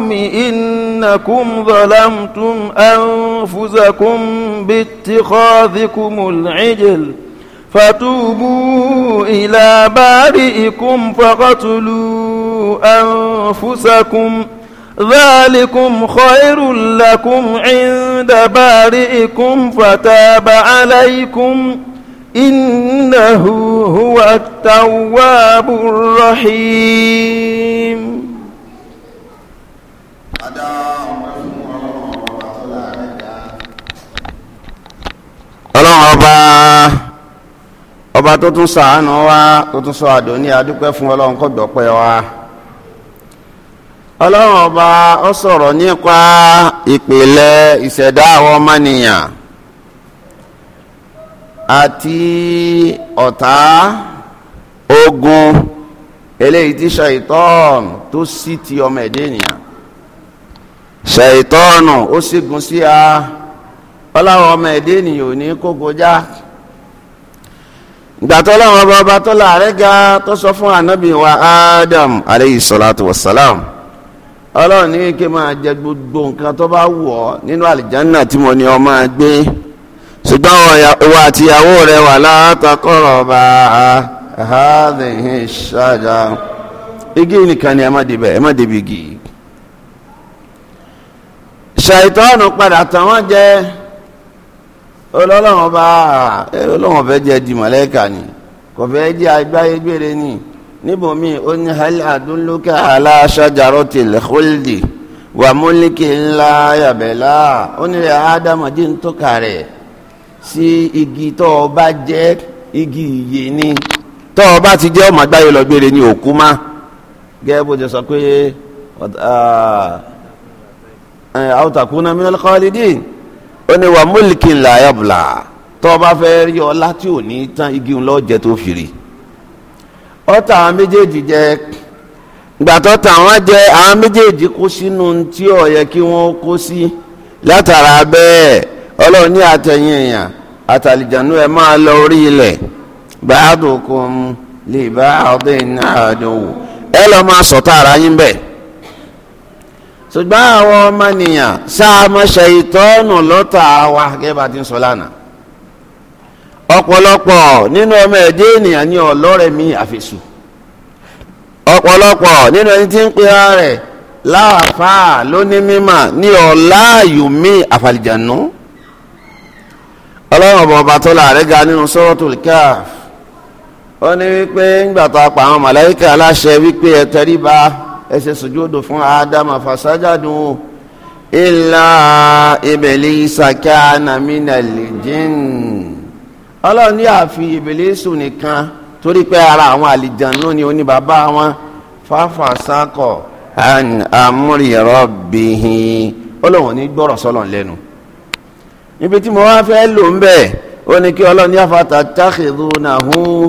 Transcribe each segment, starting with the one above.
قوم إنكم ظلمتم أنفسكم باتخاذكم العجل فتوبوا إلى بارئكم فقتلوا أنفسكم ذلكم خير لكم عند بارئكم فتاب عليكم إنه هو التواب الرحيم ọlọ́run ọba ọba tó tún ṣàánú wa tó tún sọ àdó ní adúpẹ́ fún ọlọ́run kó dọ̀pẹ́ wa ọlọ́run ọba ó sọ̀rọ̀ nípa ìpìlẹ̀ ìṣẹ̀dá àwọn ọmọnìyàn àti ọ̀tá ogun eléyìí tí ṣàìtọ́ọ̀n tó sì ti ọmọ ẹ̀dẹ́ ènìyàn ṣàìtọ́ọ̀nù ó sì gùn sí a. Si ọláwọn ọmọ ẹ̀dẹ́ ènìyàn ò ní kó kọjá ọba ọba tó láàrẹ́ ga tó sọ fún ànábì wa Adam aleyhi salatu ọlọ́run ní kí máa jẹ gbogbo nǹkan tó bá wù ọ́ nínú àlìjánná tí mo ní ọ máa gbé ṣùgbọ́n rẹ wà igi nìkan ni ẹ má ẹ má débi igi padà jẹ́ ọlọ́lọ́wọ́n bá ọlọ́wọ́n fẹ́ jẹ́ di mọ̀lẹ́kà ni kò fẹ́ jẹ́ agbáyé gbére ni níbòmí ó ní hal adulluka ala shajaratil khuldi wa mulkin la yabla ó ní rẹ̀ ádámù dí ń tọ́ka rẹ̀ sí igi tó o bá jẹ́ igi ìyè ni tó o bá ti jẹ́ ọmọ agbáyé lọ gbére ni òkú má gẹ́gẹ́ bó ti sọ pé aw takuna minal khalidin. ó ní wa múlìkì ńlá ayọ́bùlà tó o bá fẹ́ rí ọlá tí ò ní tán igi ńlọ jẹ tó fìrí ọ̀tá àwọn méjèèjì jẹ gbàtọ́ táwọn jẹ àwọn méjèèjì kó sínú tí ó yẹ kí wọ́n kó sí látara bẹ́ẹ̀ ọlọ́run ní àtẹ̀yìn èèyàn àtàlìjànú ẹ̀ máa lọ orí ilẹ̀ báàdùn kùn lè bá ọdún ìnáàdùn wò ẹ lọ́ọ́ máa sọ̀tà ara yín bẹ́ẹ̀. ṣùgbọ́n àwọn ọmọnìyàn sáàmọ́ṣẹ́ ìtọ́nù lọ́tà wa gẹ́gẹ́ bá ti ń sọ lánàá ọ̀pọ̀lọpọ̀ nínú ọmọ ẹ̀dẹ́ ènìyàn ní ọlọ́rẹ̀ mi àfẹ́sù ọ̀pọ̀lọpọ̀ nínú ẹni tí ń pe ara rẹ̀ láàfáà lónìí mímọ̀ ní ọ̀láàyò mi àfàlìjànú ọlọ́run ọba ọba tó láàrẹ́ ga nínú Suratul Kahf ó ní wípé ńgbà tá a àwọn màláíkà aláṣẹ wípé ẹ tẹríba ẹ ṣe sùjúdù fún ádámà fàṣájàdù ìlà ìbílísà kana minal jinn ọlọ́run ní àfi ìbílísù nìkan torí pé ara àwọn àlìjànú ni oníbàbá wọn fáfàṣákọ̀ an amúrì rọ́bìhìn ọlọ́run ní gbọ́rọ̀ sọ́lọ̀ lẹ́nu ibi tí mo wá fẹ́ lò ń bẹ̀ ó ní kí ọlọ́run ní àfàtà tákìdúnà hùn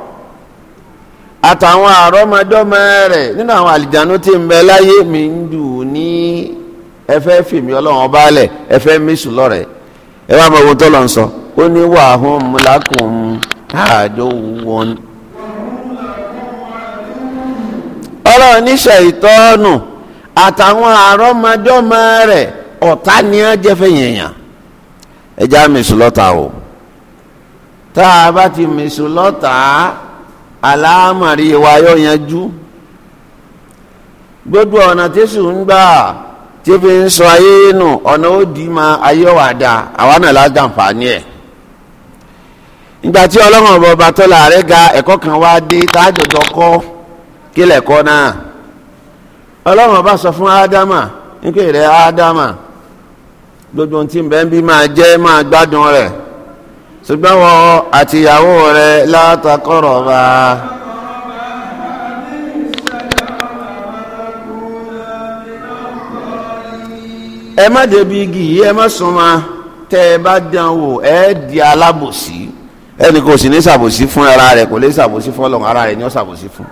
àtàwọn àrọ́mọdọ́mọ rẹ̀ nínú àwọn àlìjánu tí ń bẹ láyé mi ń dùn ní ẹfẹ́ fìmí ọlọ́run ọba alẹ̀ ẹfẹ́ mẹ́sù lọ́rẹ̀ ẹ wá mọ ohun tó lọ ń sọ ó ní wàhùn múlákùn àjọ wọn. ọlọ́run níṣẹ́ ìtọ́nù àtàwọn àrọ́mọdọ́mọ rẹ̀ ọ̀tá ni á jẹ́ fẹ̀yìn yàn o tá a bá ti aláàmàrí wa yóò yanjú gbogbo ọ̀nà tẹ́sù ń gbà tí fi ń sọ ayé nù ọ̀nà ó di ma ayé wà dá àwa náà lájàǹfààní ẹ̀ ìgbà tí ọlọ́run ọ̀bọ̀ ọba rẹ̀ ga ẹ̀kọ́ kan wá dé tájọjọ kọ́ kí lẹ̀kọ́ náà ọlọ́run ọba sọ fún ádámà nípè rẹ̀ ádámà gbogbo ohun tí ń bí máa jẹ́ máa gbádùn rẹ̀ ṣùgbọ́n wọn àtìyàwó rẹ̀ látàkọ̀rọ̀ bá a. ẹ má débi igi yìí ẹ má súnmọ́ tẹ́ ẹ bá dán wò ẹ di alábòsí ẹnì kò sì ní ṣàbòsí fún ara rẹ̀ kò lè ṣàbòsí fún Ọlọ́run ara rẹ̀ ni ó ṣàbòsí fún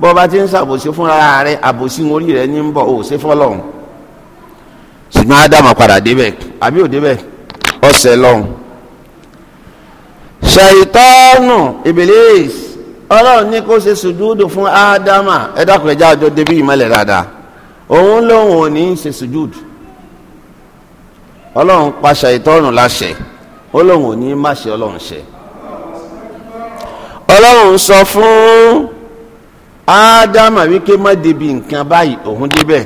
bó bá ti ń ṣàbòsí fún ara rẹ̀ àbòsí orí rẹ̀ ní ń bọ̀ ò ṣe fún ṣùgbọ́n ádámà padà débẹ̀ àbí ò débẹ̀ ọ̀sẹ̀ lọ́run ṣàìtọ́nù ibilis ọlọ́run ní kó ṣe sùjúdù fún ádámà ẹ dákun ẹja àjọ débí ìmọ̀lẹ̀ dáadáa òun lòun ò ní ṣe sùjúdù ọlọ́run pa ṣàìtọ́nù láṣẹ ó lòun ò ní má ṣe ọlọ́run ṣe ọlọ́run sọ fún ádámà wípé má débi nǹkan báyìí òun débẹ̀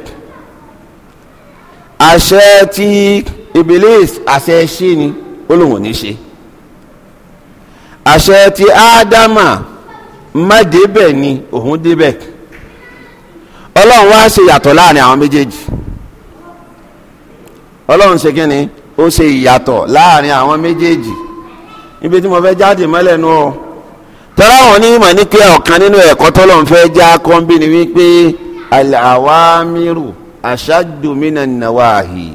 àṣẹ tí ibilis àṣẹ ṣe ni ó lòun ò ní ṣe àṣẹ ti ádámà má débẹ̀ ni òun débẹ̀ ọlọ́run wá ṣe yàtọ̀ láàrin àwọn méjèèjì ọlọ́run ṣe kí ni ó ṣe ìyàtọ̀ láàrin àwọn méjèèjì níbi tí mo fẹ́ jáde mọ́lẹ̀ nù ọ́ tọ́lá wọn ní ìmọ̀ ní pé ọ̀kan nínú ẹ̀kọ́ tọ́lọ́run fẹ́ já kọ́ńbí ni wípé àwámírù ashaddu minan nawahi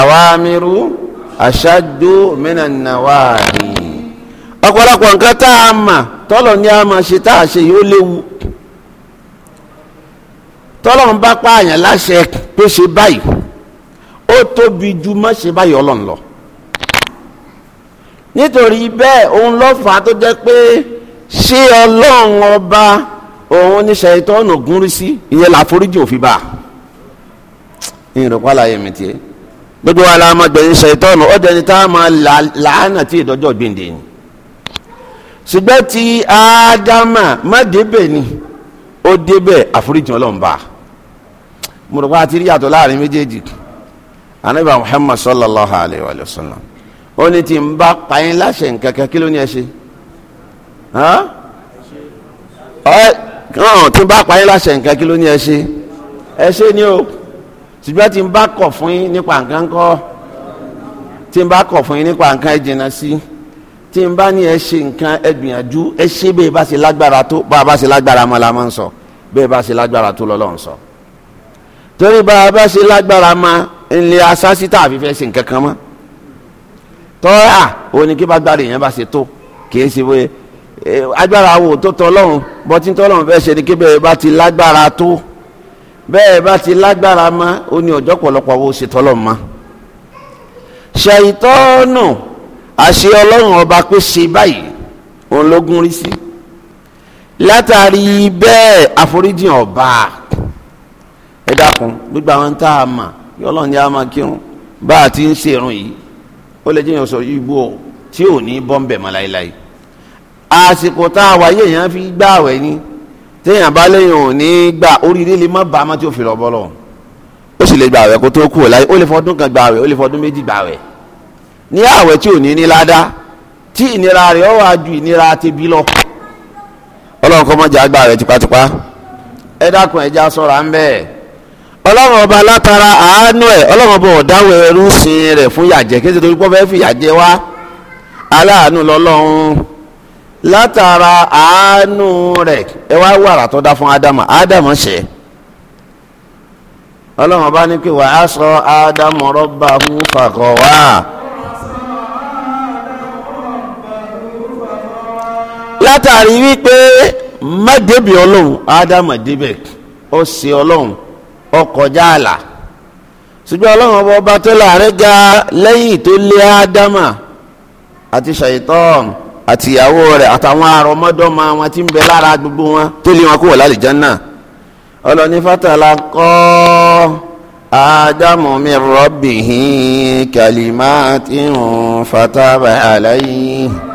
àwámírù ashaddu minan nawahi ọ̀pọ̀lọpọ̀ nǹkan tá a mà tọ́lọ̀ ní a máa ṣe tá a ṣe yìí ó léwu tọ́lọ̀ ń bá pààyàn láṣẹ pé ṣe báyìí ó tóbi ju má ṣe báyìí ọlọ́run lọ nítorí bẹ́ẹ̀ òun ló fà á tó jẹ́ pé ṣé ọlọ́run ọba òun ní ṣàìtọ́nù gúnrí sí ìyẹn làforíjì òfin bá ìrìnkọ́ àlàyé mi tiẹ̀ gbogbo wa la máa gbẹ̀yìn ṣàìtọ́nù ọ̀dẹ̀ni tá a máa làánà tí ìdọ́jọ́ gbèǹde ni ṣùgbọ́n ti ádámà má débẹ̀ ni ó débẹ̀ àforíjì ọlọ́run bá mo rò pé a rí yàtọ̀ láàrin méjèèjì anabi muhammad sallallahu alayhi wa sallam ó ní tí n bá pa yín láṣẹ nǹkan kan kí ló ní ẹ ṣe ọ̀hún tí n bá pa yín láṣẹ nǹkan kí ló ní ẹ ṣe ẹ ṣe ni o ṣùgbọ́n tí n bá kọ̀ fún yín nípa nǹkan kọ́ tí n bá kọ̀ fún yín nípa nǹkan ẹ jìnnà sí i tí n bá ní ẹ ṣe nǹkan ẹ gbìyànjú ẹ ṣe bẹ́ẹ̀ bá ṣe lágbára tó bá a bá ṣe lágbára mọ́ la máa ń sọ bẹ́ẹ̀ bá ṣe lágbára tó lọ́lọ́run sọ torí bá a bá ṣe lágbára mọ́ ńlẹ̀ asásí tá ṣe nǹkan kan mọ́ tọ́ra òní kí bá gbára èèyàn bá ṣe tó kìí ṣe wé agbára wo tó tọ́lọ́run bọ́tí tọ́lọ́run fẹ́ ṣe ni kí bẹ́ẹ̀ bá ti lágbára tó bẹ́ẹ̀ bá ti lágbára mọ́ àṣẹ ọlọ́run ọba pé ṣe báyìí òun ló gún rí sí látàrí bẹ́ẹ̀ àforíjì ọba ẹ dákun gbogbo àwọn tá a mà kí ọlọ́run ní a máa kírun bá a ti ń ṣèrun yìí ó lè jẹ́yìn sọ igbó tí ò ní bọ́m̀bẹ̀ mọ́ láéláé àsìkò tá a wáyé èèyàn fi gbá àwẹ̀ ni téèyàn bá léèyàn ò ní gbà oríire lè má bá a má tí ò fi lọ bọ́ lọ ó sì lè gbà àwẹ̀ kó tó kú ọ̀ láyé ó lè fọdún kan gbà àwẹ̀ ó lè fọdún méjì gbà àwẹ̀ ní àwẹ̀ tí ò ní ní ládá tí ìnira rẹ̀ ó wá ju ìnira ti bí lọ. ọlọ́run kọ́ mọ́jà àgbà rẹ̀ tipátipá ẹ dákun ẹ já sọ́ra ń bẹ́ẹ̀ ọlọ́run ọba látara àánú ẹ̀ ọlọ́run ọba ọ̀dáwọ̀ ẹrú sin rẹ̀ fún yàjẹ́ kí ẹ ṣe torí pọ́ fẹ́ẹ́ fìyà jẹ wá aláàánú lọ́lọ́run látara àánú rẹ̀ ẹ wá wàrà tó dá fún ádámù ádámù ṣẹ̀ ọlọ́run ọba ní pé wàá sọ ádámù rọ́bà hù fàkọ̀ látàrí wípé mẹ́dẹ́bì ọlọ́run ádámà débẹ̀ ó ṣe ọlọ́run ó kọjá àlà ṣùgbọ́n ọlọ́run ọba ọba tó láàrẹ́ ga lẹ́yìn tó lé ádámà àti ṣàìtọ́n àti ìyàwó rẹ̀ àtàwọn arọmọdọ́mọ wọn tí ń bẹ lára gbogbo wọn tó lé wọn kúrò lálẹ́ jẹ́nà ọlọ́ni fatala kọ́ ádámù min rabbihi kalimatin fataba alayhi.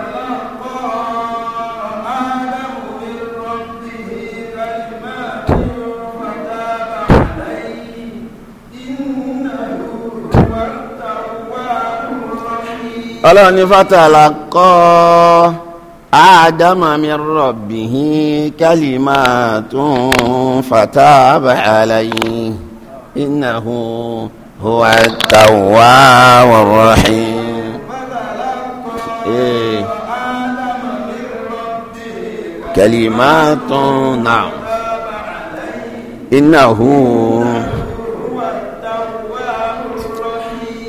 ọlọ́run ní fatala kọ́ ádámà mi rọ̀bìhí kálímà tó ń fata àbáyàláyé ìnáhù huwa tàwa wọ̀rọ̀hìn. كلمات نعم إنه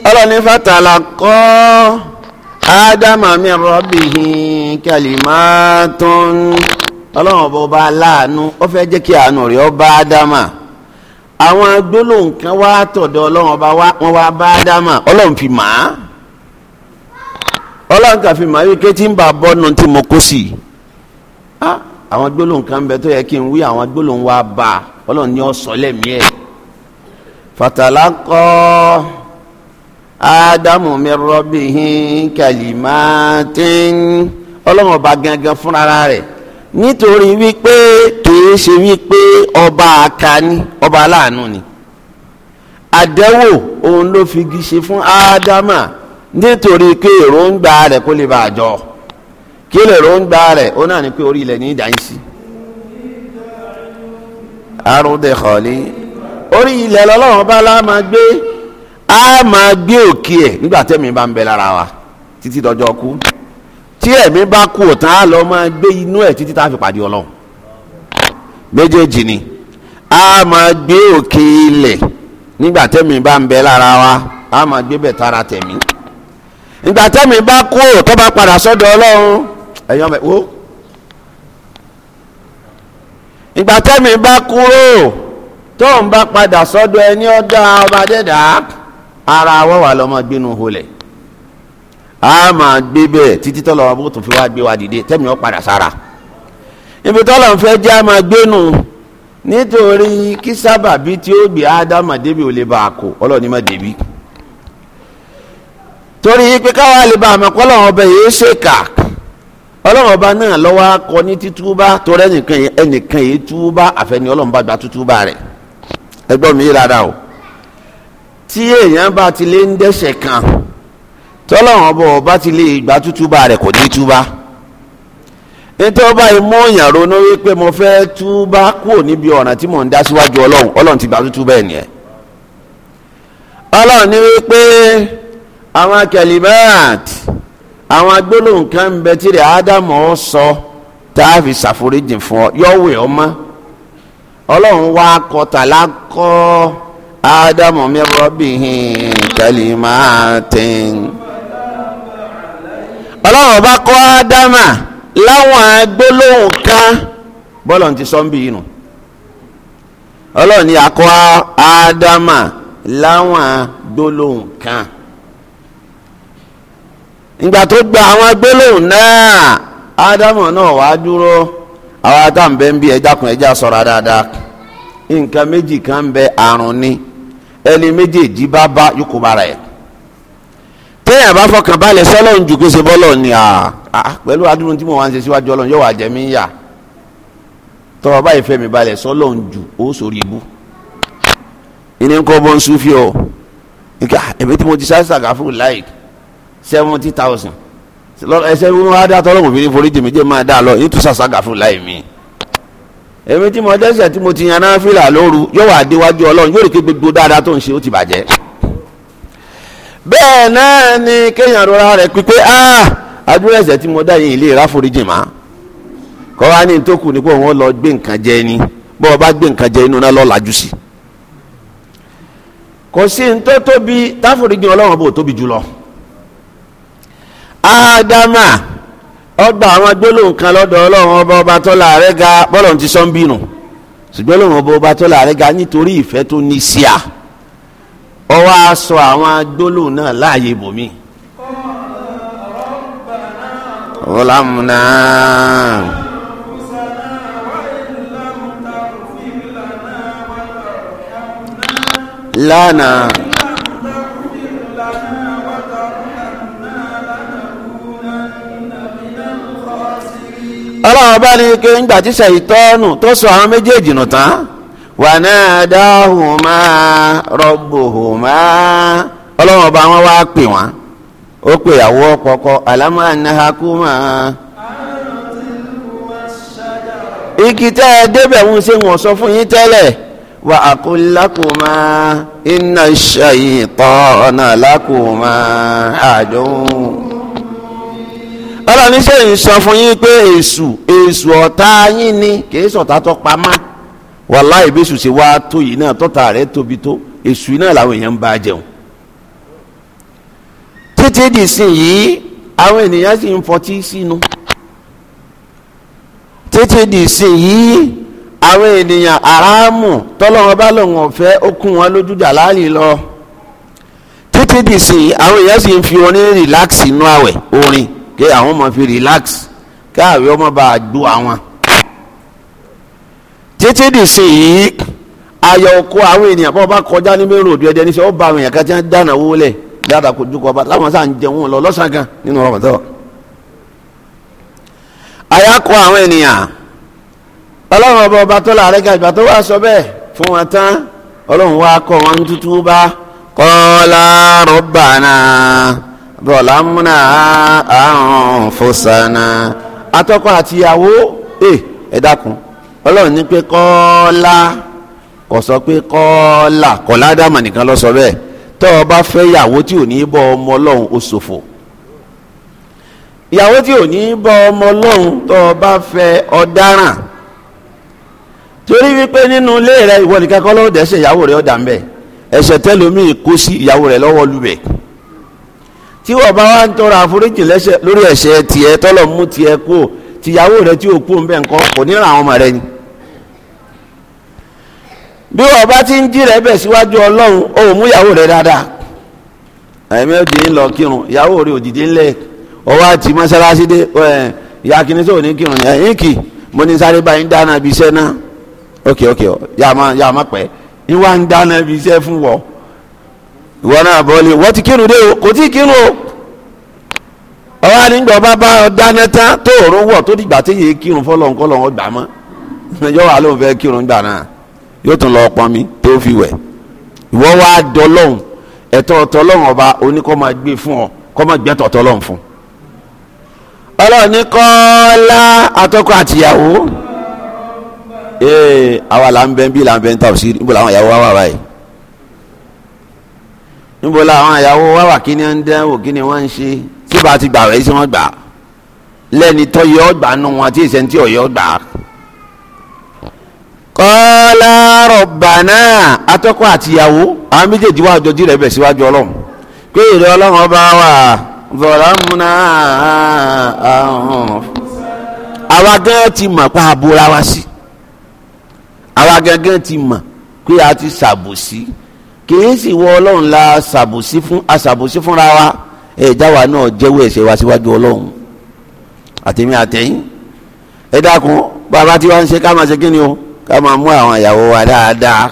ọlọ́ni fatalakọ́ ádámà mi rọ́bìhì kalimatun ọlọ́run ọba ọba aláàánú ó fẹ́ jẹ́ kí àánú ọba ádámà àwọn gbólóhùn wá tọ̀dọ̀ ọlọ́run ọba wọn wá bá ádámà ọlọ́run fi mà á ọlọ́run kà fi mà á tí ń tí mo kó sí àwọn bẹ tó yẹ kí n wí àwọn ádámù mi rọ́bìhín kàlímátìn ọlọ́run ọba gangan fúnra rẹ̀ nítorí wípé kìí ṣe wípé ọba àkàní ọba aláàánú ni àdẹ́wò òun ló fi gíṣe fún ádámà nítorí pé èròǹgbà rẹ̀ kó lè bàjọ́ kí lè èròǹgbà rẹ̀ ó náà ní pé orí ilẹ̀ ní ìdáyìí sí arúndẹ̀kọ̀ọ́lé orí ilẹ̀ lọ́lọ́run bá lá máa gbé a máa gbé òkè ẹ̀ nígbà tẹ́mi bá ń bẹ lára wa títí dọjọ́ kú tí ẹ̀mí bá kú ọ̀tán á lọ máa gbé inú ẹ̀ títí tá a fi pàdé ọlọ́run méjèèjì ni a máa gbé òkè ilẹ̀ nígbà tẹ́mi bá ń bẹ lára wa a máa gbé bẹ̀ tara tẹ̀mí nígbà tẹ́mi bá kú ọ̀tọ́ bá padà sọ́dọ̀ ọlọ́run ẹ̀yọ́ mẹ́ wo nígbà tẹ́mi bá kúrò tó ń bá padà sọ́dọ̀ ẹni ọ̀dà ọba dẹ́dàá ara wọ́n wà lọ́mọ gbénu a máa gbé bẹ́ẹ̀ títí tọ́lọ̀ wọn bó tó fi wá gbé wa dìde tẹ́mi ó padà ibi tọ́lọ̀ ń fẹ́ jẹ́ a máa gbénu nítorí kí tí ó gbé ádámà débi ò lè bá a kó ọlọ́ọ̀ni má débi torí pé káwá lè ba àmọ́ kọ́ lọ́wọ́ ọbẹ̀ yìí ṣe ọba náà lọ́wọ́ akọ ní torí ẹnìkan yìí bá tí èèyàn bá ti lé ń dẹ́ṣẹ̀ kan tọ́lọ́wọ́n bọ̀ bá ti lè gbà tútúbà rẹ̀ kò ní túbà nítorí báyìí mú òyàn ronú wípé mo fẹ́ túbà kúrò níbi ọ̀ràn tí mò ń dá síwájú ọlọ́run ọlọ́run ti gbà tútúbà ẹ̀ nìyẹn ọlọ́run ní wípé àwọn kẹlíbẹ́ẹ̀t àwọn agbólóhùn kan ń bẹ tí rẹ̀ ádámù ọ sọ tá a fi ṣàforíjì fún ọ yọ̀wé ọmọ ọlọ́run wá kọtàlá kọ́ آدم من ربه كلمات ọlọ́run bá kọ́ ádámà láwọn agbólóhùn kan bọ́lọ̀ ti sọ ń bí inú ọlọ́run ni ádámà láwọn tó gba àwọn agbólóhùn náà ádámà náà wàá dúró àwọn atáǹbẹ́ ń bí ẹja kun ẹja sọ̀rọ̀ dáadáa nǹkan méjì kan ń àrùn ni. ẹni méjèèjì bá bá yókù bára ẹ̀ téèyàn bá fọkàn balẹ̀ sọ́lọ́run jù kó ṣe bọ́lọ̀ ni à pẹ̀lú adúrún tí mo wá ń ṣe síwájú ọlọ́run yóò wá jẹ mí yà tọ́ ọba ìfẹ́ mi balẹ̀ sọ́lọ́run jù ó sórí ibú ìní ń kọ́ bọ́ ń súnfì ọ́ nǹkan èmi tí mo ti sáré sàgá fún like seventy thousand ẹsẹ̀ wọn á dá tọ́lọ́mù mi ní foríjì mi jẹ́ máa dá lọ yìí tún sàṣàgà fún láì mi èmi tí mo dẹ́sẹ̀ tí mo ti yan náà fìlà lóru yóò wà déwájú ọlọ́run yóò rí pé gbogbo dáadáa tó ń ṣe ó ti bàjẹ́. bẹ́ẹ̀ náà ni kéèyàn rọra rẹ̀ pípé àdúrẹ́sẹ̀ tí mo dá yìí ilé ìráforíjì má kọ́ wá ní tó kù pé wọ́n lọ gbé nǹkan jẹ ni bọ́ ọ bá gbé nǹkan jẹ inú náà lọ́ọ́ lajú sí. kò sí ní tó tóbi táforíjì ọlọ́run bò tóbi jùlọ. ádámà ọgbà àwọn gbólóhùn kan lọ́dọ̀ ọlọ́run ọba ọba tó láàrẹ́ ga bọ́lọ̀ ti sọ ń bínú ṣùgbọ́n ọlọ́run ọba ọba tó láàrẹ́ ga nítorí ìfẹ́ tó ní sí a ó wá sọ àwọn gbólóhùn náà láàyè ibòmí. ọlámùnà. lánàá. ọlọ́run bá ní kí ń tí tó sọ àwọn méjèèjì nù tán wà náà dáhùn máa ọlọ́run ọba wọn wá pè wọ́n ó pè àwọ̀ ọ̀pọ̀kọ àlámọ́ ànáhàkú igi tẹ́ ẹ débẹ̀ ṣe wọ́n sọ fún yín tẹ́lẹ̀ wà á iná ṣàyìn ọlọ́ni ṣe ń sọ fún yín pé èṣù èṣù ọ̀tá yín ni kì í ṣọ̀tá tó pamá wàláì bí èṣù ṣe wá tó yìí náà tọ́ta rẹ̀ tóbi tó èṣù yìí náà làwọn èèyàn ń bá jẹun títí dìsìn yìí àwọn ènìyàn sì ń fọtí sínú títí dìsìn yìí àwọn ènìyàn aráàmù tọ́lọ́wọ́n bá lòun ọ̀fẹ́ ó wọn lójú láàyè lọ títí dìsìn àwọn èèyàn sì ń fi orin rìláàksì inú àwẹ̀ orin kí àwọn ọmọ fi relax káàwé ọmọ bá a gbó àwọn. títí di sí yìí ayọ̀ ọkọ àwọn ènìyàn bá ọba kọjá ní mẹ́rin ẹ̀jẹ̀ níṣẹ́ ó ba àwọn èèyàn kan tí wọ́n dáná owó lẹ̀ dáadáa kojú kọ ọba láwọn sáà ń jẹun lọ lọ́sàn kan nínú ọ̀rọ̀ tó. ayọ̀ ọkọ àwọn ènìyàn ọlọ́run ọba ọba tó láàrẹ́ gàgbà tó wá sọ bẹ́ẹ̀ fún wọn tán ọlọ́run wá kọ́ wọn tútú bá kọ́ lárọ́ bàánà bọ̀lámúnà àrùn fòsànà atọ́kọ àtìyàwó ẹ eh, ẹ dákun ọlọ́run ní pé kọ́ọ́lá kò sọ pé kọ́ọ́lá kọ́lá dàmà nìkan lọ sọ bẹ́ẹ̀ tọ́ ọ bá fẹ́ yàwó tí ò ní bọ́ ọmọ ọlọ́run ó ṣòfò ìyàwó tí ò ní bọ́ ọmọ ọlọ́run tọ́ ọ bá fẹ́ ọ̀daràn torí wípé nínú ilé rẹ ìwọ nìkan kọ́ ló dẹ́ṣẹ̀ ìyàwó rẹ ọ̀dà ń bẹ̀ ẹ̀ṣẹ̀ tẹ́lómi kó sí ìyàwó rẹ lọ́wọ́ lubẹ̀ tí wọ́n bá wá ń tọrọ àforíjì lórí ẹ̀ṣẹ̀ tiẹ̀ tọ́lọ̀ mú tiẹ̀ kú tìyàwó rẹ̀ tí ò kú ń bẹ̀ nǹkan kò ní ra àwọn ọmọ rẹ̀ ni bí wọ́n bá ti ń jí rẹ̀ bẹ̀ síwájú ọlọ́run ó mú ìyàwó rẹ̀ dáadáa ẹ̀mí ó dìde ń lọ kírun ìyàwó rẹ̀ ò ńlẹ̀ ọwọ́ àti mọ́sálásí dé ìyá kìíní tó ní kírun yẹn yín kì mo ní sáré báyìí ń dáná ibi iṣẹ́ náà ókè ókè yàá má pẹ́ ń wá ń dáná ibi iṣẹ́ fún wọ́n wọ́nà náà wọ́n ti kírun dé o kò tí kírun o ọba bá bá tán tó òórùn wọ̀ tó dìgbà tí yìí kírun fọlọ́nkọ́lọ́ wọn mọ́ ẹjọ́ wà lóun náà yóò tún lọ pọn mi tó wẹ̀ wá ẹ̀tọ́ ọ̀tọ́lọ́hùn ọba oníkọ́ máa gbé fún ọ kọ́ máa níbo la àwọn ìyàwó wa wà kí ni wọ́n ń dẹ́wò kí ni wọ́n ń ṣe tí bá ti gbà rẹ̀ sí wọ́n gbà lẹ́ni tó yọ ọ́ gbà nù wọn tí ìṣẹ́ntì ọ̀yọ́ gbà. kọ́lá rọ̀bànà atọ́kọ̀ àtìyàwó àwọn méjèèjì wà jọjú rẹ̀ bẹ̀ síwájú ọlọ́run pé èrè ọlọ́run ọba wà zọ̀lámùnà àwọn. àwa gan ti mọ̀ a àbúra wa sí àwa gangan ti mọ̀ pé a ti ṣàbòsí. Si kìí sì wọ ọlọ́run la ṣàbòsí fún aṣàbòsí fúnra wa ẹ̀ẹ́dá wa náà jẹ́wọ́ ẹ̀ṣẹ̀ wa síwájú ọlọ́run àtẹ̀mí àtẹ̀yìn ẹ dákun bàbá tí wàá ń ṣe ká máa ṣe kí ni o ká máa mú àwọn ìyàwó wa dáadáa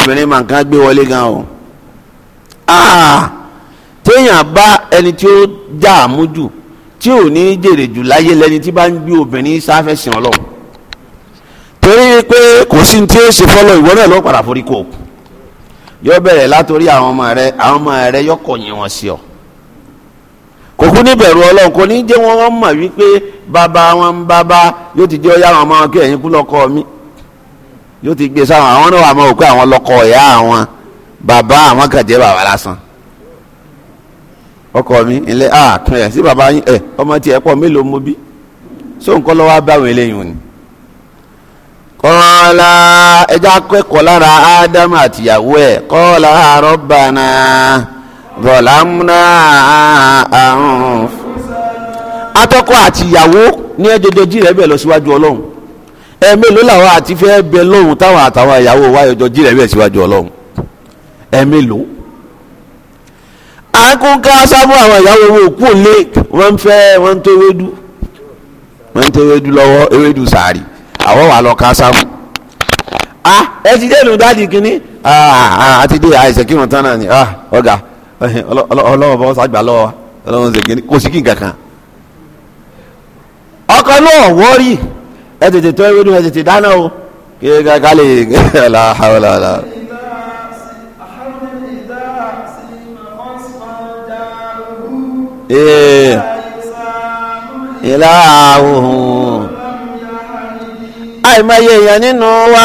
obìnrin máa kàn gbé wọlé gan o ah! téèyàn bá ẹni tí ó já àmújù tí ò ní jèrè jù láyé lẹni tí bá ń gbé obìnrin sáfẹ́sìn ọlọ́run torí pé kò sí ní tí ó ṣe fọlọ́ ìwọ náà ló padà forí kò yóò bẹ̀rẹ̀ látòrí àwọn ọmọ rẹ àwọn ọmọ rẹ yóò kọ̀yìn wọn sí ọ kò kú ní bẹ̀rù ọlọ́run kò ní jẹ́ wọ́n wọ́n mọ̀ wípé bàbá wọn ń bàbá yóò ti jẹ́ ọ yáwọn ọmọ kí ẹ̀yin kú lọ́kọ mi yóò ti gbé sáwọn àwọn náà wà mọ́ òkú àwọn lọ́kọ ìyá àwọn bàbá àwọn kàn bàbá lásán ọkọ mi ilé àtúnyẹ sí bàbá ẹ ọmọ tiẹ̀ pọ̀ mélòó mo bí sóńkọ́ lọ́wọ́ bá àwọn eléyìí wọn ni kọ́ọ̀lá ẹja kẹ́kọ̀ọ́ lára ádámù àtìyàwó ẹ̀ kọ́ọ̀lá rabbana zalamna àrùn. atọ́kọ àtìyàwó ní ẹjọ́jọ́jì rẹ̀ bẹ̀ lọ síwájú ọlọ́run ẹ̀ẹ́mélòó làwọn àti fẹ́ bẹ lọ́hùn táwọn àtàwọn ìyàwó wa ẹjọ́jì rẹ̀ bẹ̀ síwájú ọlọ́run ẹ̀ẹ́mélòó. akúnká sábọ̀ àwọn ìyàwó owó òkú òlé wọ́n ń tó ewédú wọ́n tó ewédú lọ́wọ́ ewédú sàárì àwọn wà lọ sáfù ah ẹ ti dé ìlú Ah kínní ah, ah ti dé àìsàn kírun tán náà ni ah ọlọ́wọ́ bọ́ sàgbà lọ́wọ́ ọlọ́wọ́ ṣe kínní kò sí kí ọkọ náà wọ́ọ̀rì ẹ tètè tó ewédú ẹ tètè dáná o kí ẹ ká lè àìmọye èèyàn nínú wa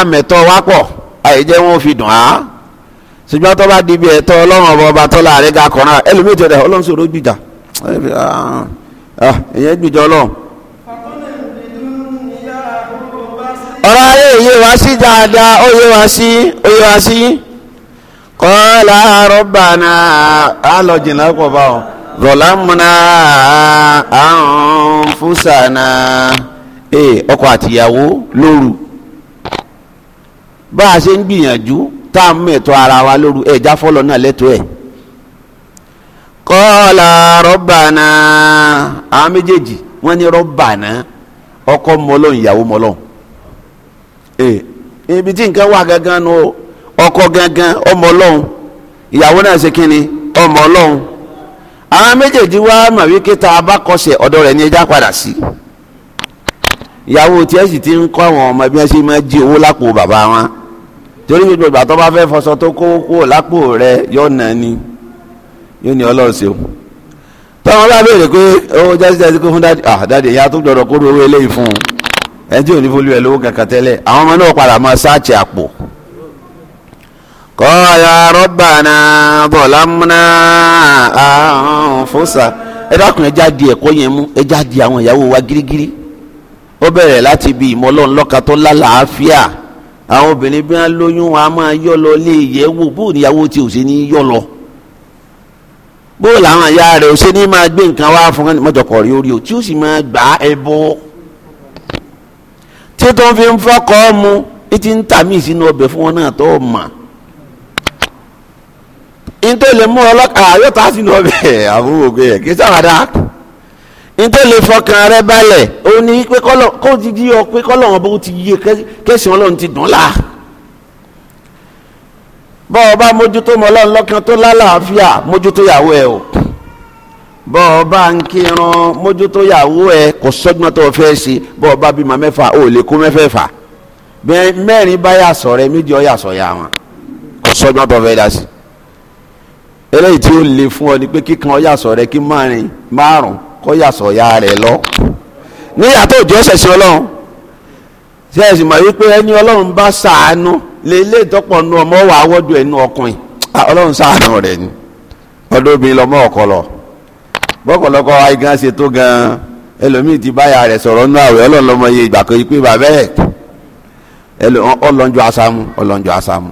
amẹ̀tọ́ wa pọ̀ àìjẹ́ wọn fi dùn á ṣùgbọ́n tó bá di bí ẹ̀tọ́ ọlọ́run ọba ọba tọ́lá rẹ̀ ga kọ̀ọ̀rán ẹlòmíì ọlọ́run sọ̀rọ̀ gbìjà ah, ah, ìyẹn gbìjà ọlọ́run. ọ̀rọ̀ ayé òye wá sí dáadáa òye wá sí òye wá sí kọ́lá rọ́bànà alọ́jìnlá kọ̀ bá ee ọkọ àtìyàwó lóru bá a ṣe ń gbìyànjú tá a mú ara wa lóru ẹ̀já fọlọ́ náà lẹ́tọ́ ẹ̀ kọ́ọ̀lá rọ́bànà àwọn méjèèjì wọ́n ní rọ́bànà ọkọ mọ́lọ́n ìyàwó mọ́lọ́n ee ibi tí nǹkan wà gangan nu ọkọ gangan ọmọ ọlọ́run ìyàwó náà ṣe kínni ọmọ ọlọ́run àwọn méjèèjì wá mọ̀ rẹ̀ ní padà sí. Si ìyàwó tiẹ̀ sì ti ń kọ́ àwọn ọmọ bí wọ́n ṣe máa jí owó lápò bàbá wọn torí gbogbo ìgbà tó bá fẹ́ fọṣọ tó kó kúrò lápò rẹ yóò nà ni yóò ní ọlọ́run ṣeun tọ́wọ́n bá béèrè pé owó jẹ́sí jẹ́sí kó fún dáàdì ah dáàdì ìyá tó gbọ́dọ̀ kó owó eléyìí fún un ẹni tí ò ní folú ẹ lówó kankan tẹ́lẹ̀ àwọn ọmọ náà padà máa ṣáàchì àpò. kọ́ọ̀yà rọ́bànà bọ̀lámúná àǹfọ̀sà ẹ dákun ẹja di ẹ̀kọ́ yẹn mú ẹja di àwọn ìyàwó wa gírígírí ó bẹ̀rẹ̀ láti ibi ìmọ̀ ọlọ́run lọ́ka tó lálàáfíà àwọn obìnrin bí wọ́n lóyún wọn a máa yọ́ lọ lé ìyẹ́wò bóun ìyàwó tí ò sí ní yọ́ lọ bóun làwọn ìyá rẹ̀ ò sí ní máa gbé nǹkan wá fún wọn mọ́jọkọ̀ rí orí o tí ó sì máa gbà ẹbọ tí fi ń fọkọ̀ mu ti ń tà mí sínú ọbẹ̀ fún wọn náà tó mà ní tó lè mú ọlọ́kà yóò tá sínú ọbẹ̀ àwọn òògùn yẹn kì sábà dáa nítorí lè fọkàn rẹ balẹ̀ ó ní pé kọ́lọ̀ kó ti di ọ pé kọ́lọ̀ wọn bó ti yé kẹsàn-án ọlọ́run ti dùn la bọ́ ọ bá mójútó mọ ọlọ́run lọ́kàn tó lálàáfíà mójútó yàwó ẹ o bọ́ ọ bá ń kírun mójútó yàwó ẹ kò sọ́gbọ́n tó fẹ́ ṣe bọ́ ọ bá ma mẹ́fà ó lè kó mẹ́fẹ̀ẹ̀fà mẹ́rin bá yà sọ rẹ méjì ọ yà sọ ya wọn kò sọ́gbọ́n tó fẹ́ dá sí eléyìí tí ó le fún ọ ni pé kíkan ọ yà sọ rẹ kí márùn márùn kọ́ yàsọ̀ ya rẹ̀ lọ níyàtọ̀ òjò ṣẹ̀ṣẹ̀ ọlọ́run ṣe ẹ̀sìn mọ̀ wípé ẹni ọlọ́run bá ṣàánú lè lé ìtọ́pọ̀ nu ọmọ wà á wọ́dù ẹnu ọkùnrin ah, ọlọ́run ṣàánú rẹ̀ ni ọdún obìnrin lọmọ ọkọlọ bọ́kọ̀lọ́kọ́ àìgán ṣe tó gan ẹlòmíì ti báyà rẹ̀ sọ̀rọ̀ nú àwẹ̀ ọlọ́run lọmọ iye ìgbà kan ikú ìbà bẹ́ẹ̀ ọlọ́njọ́ asámú ọlọ́njọ́ asámú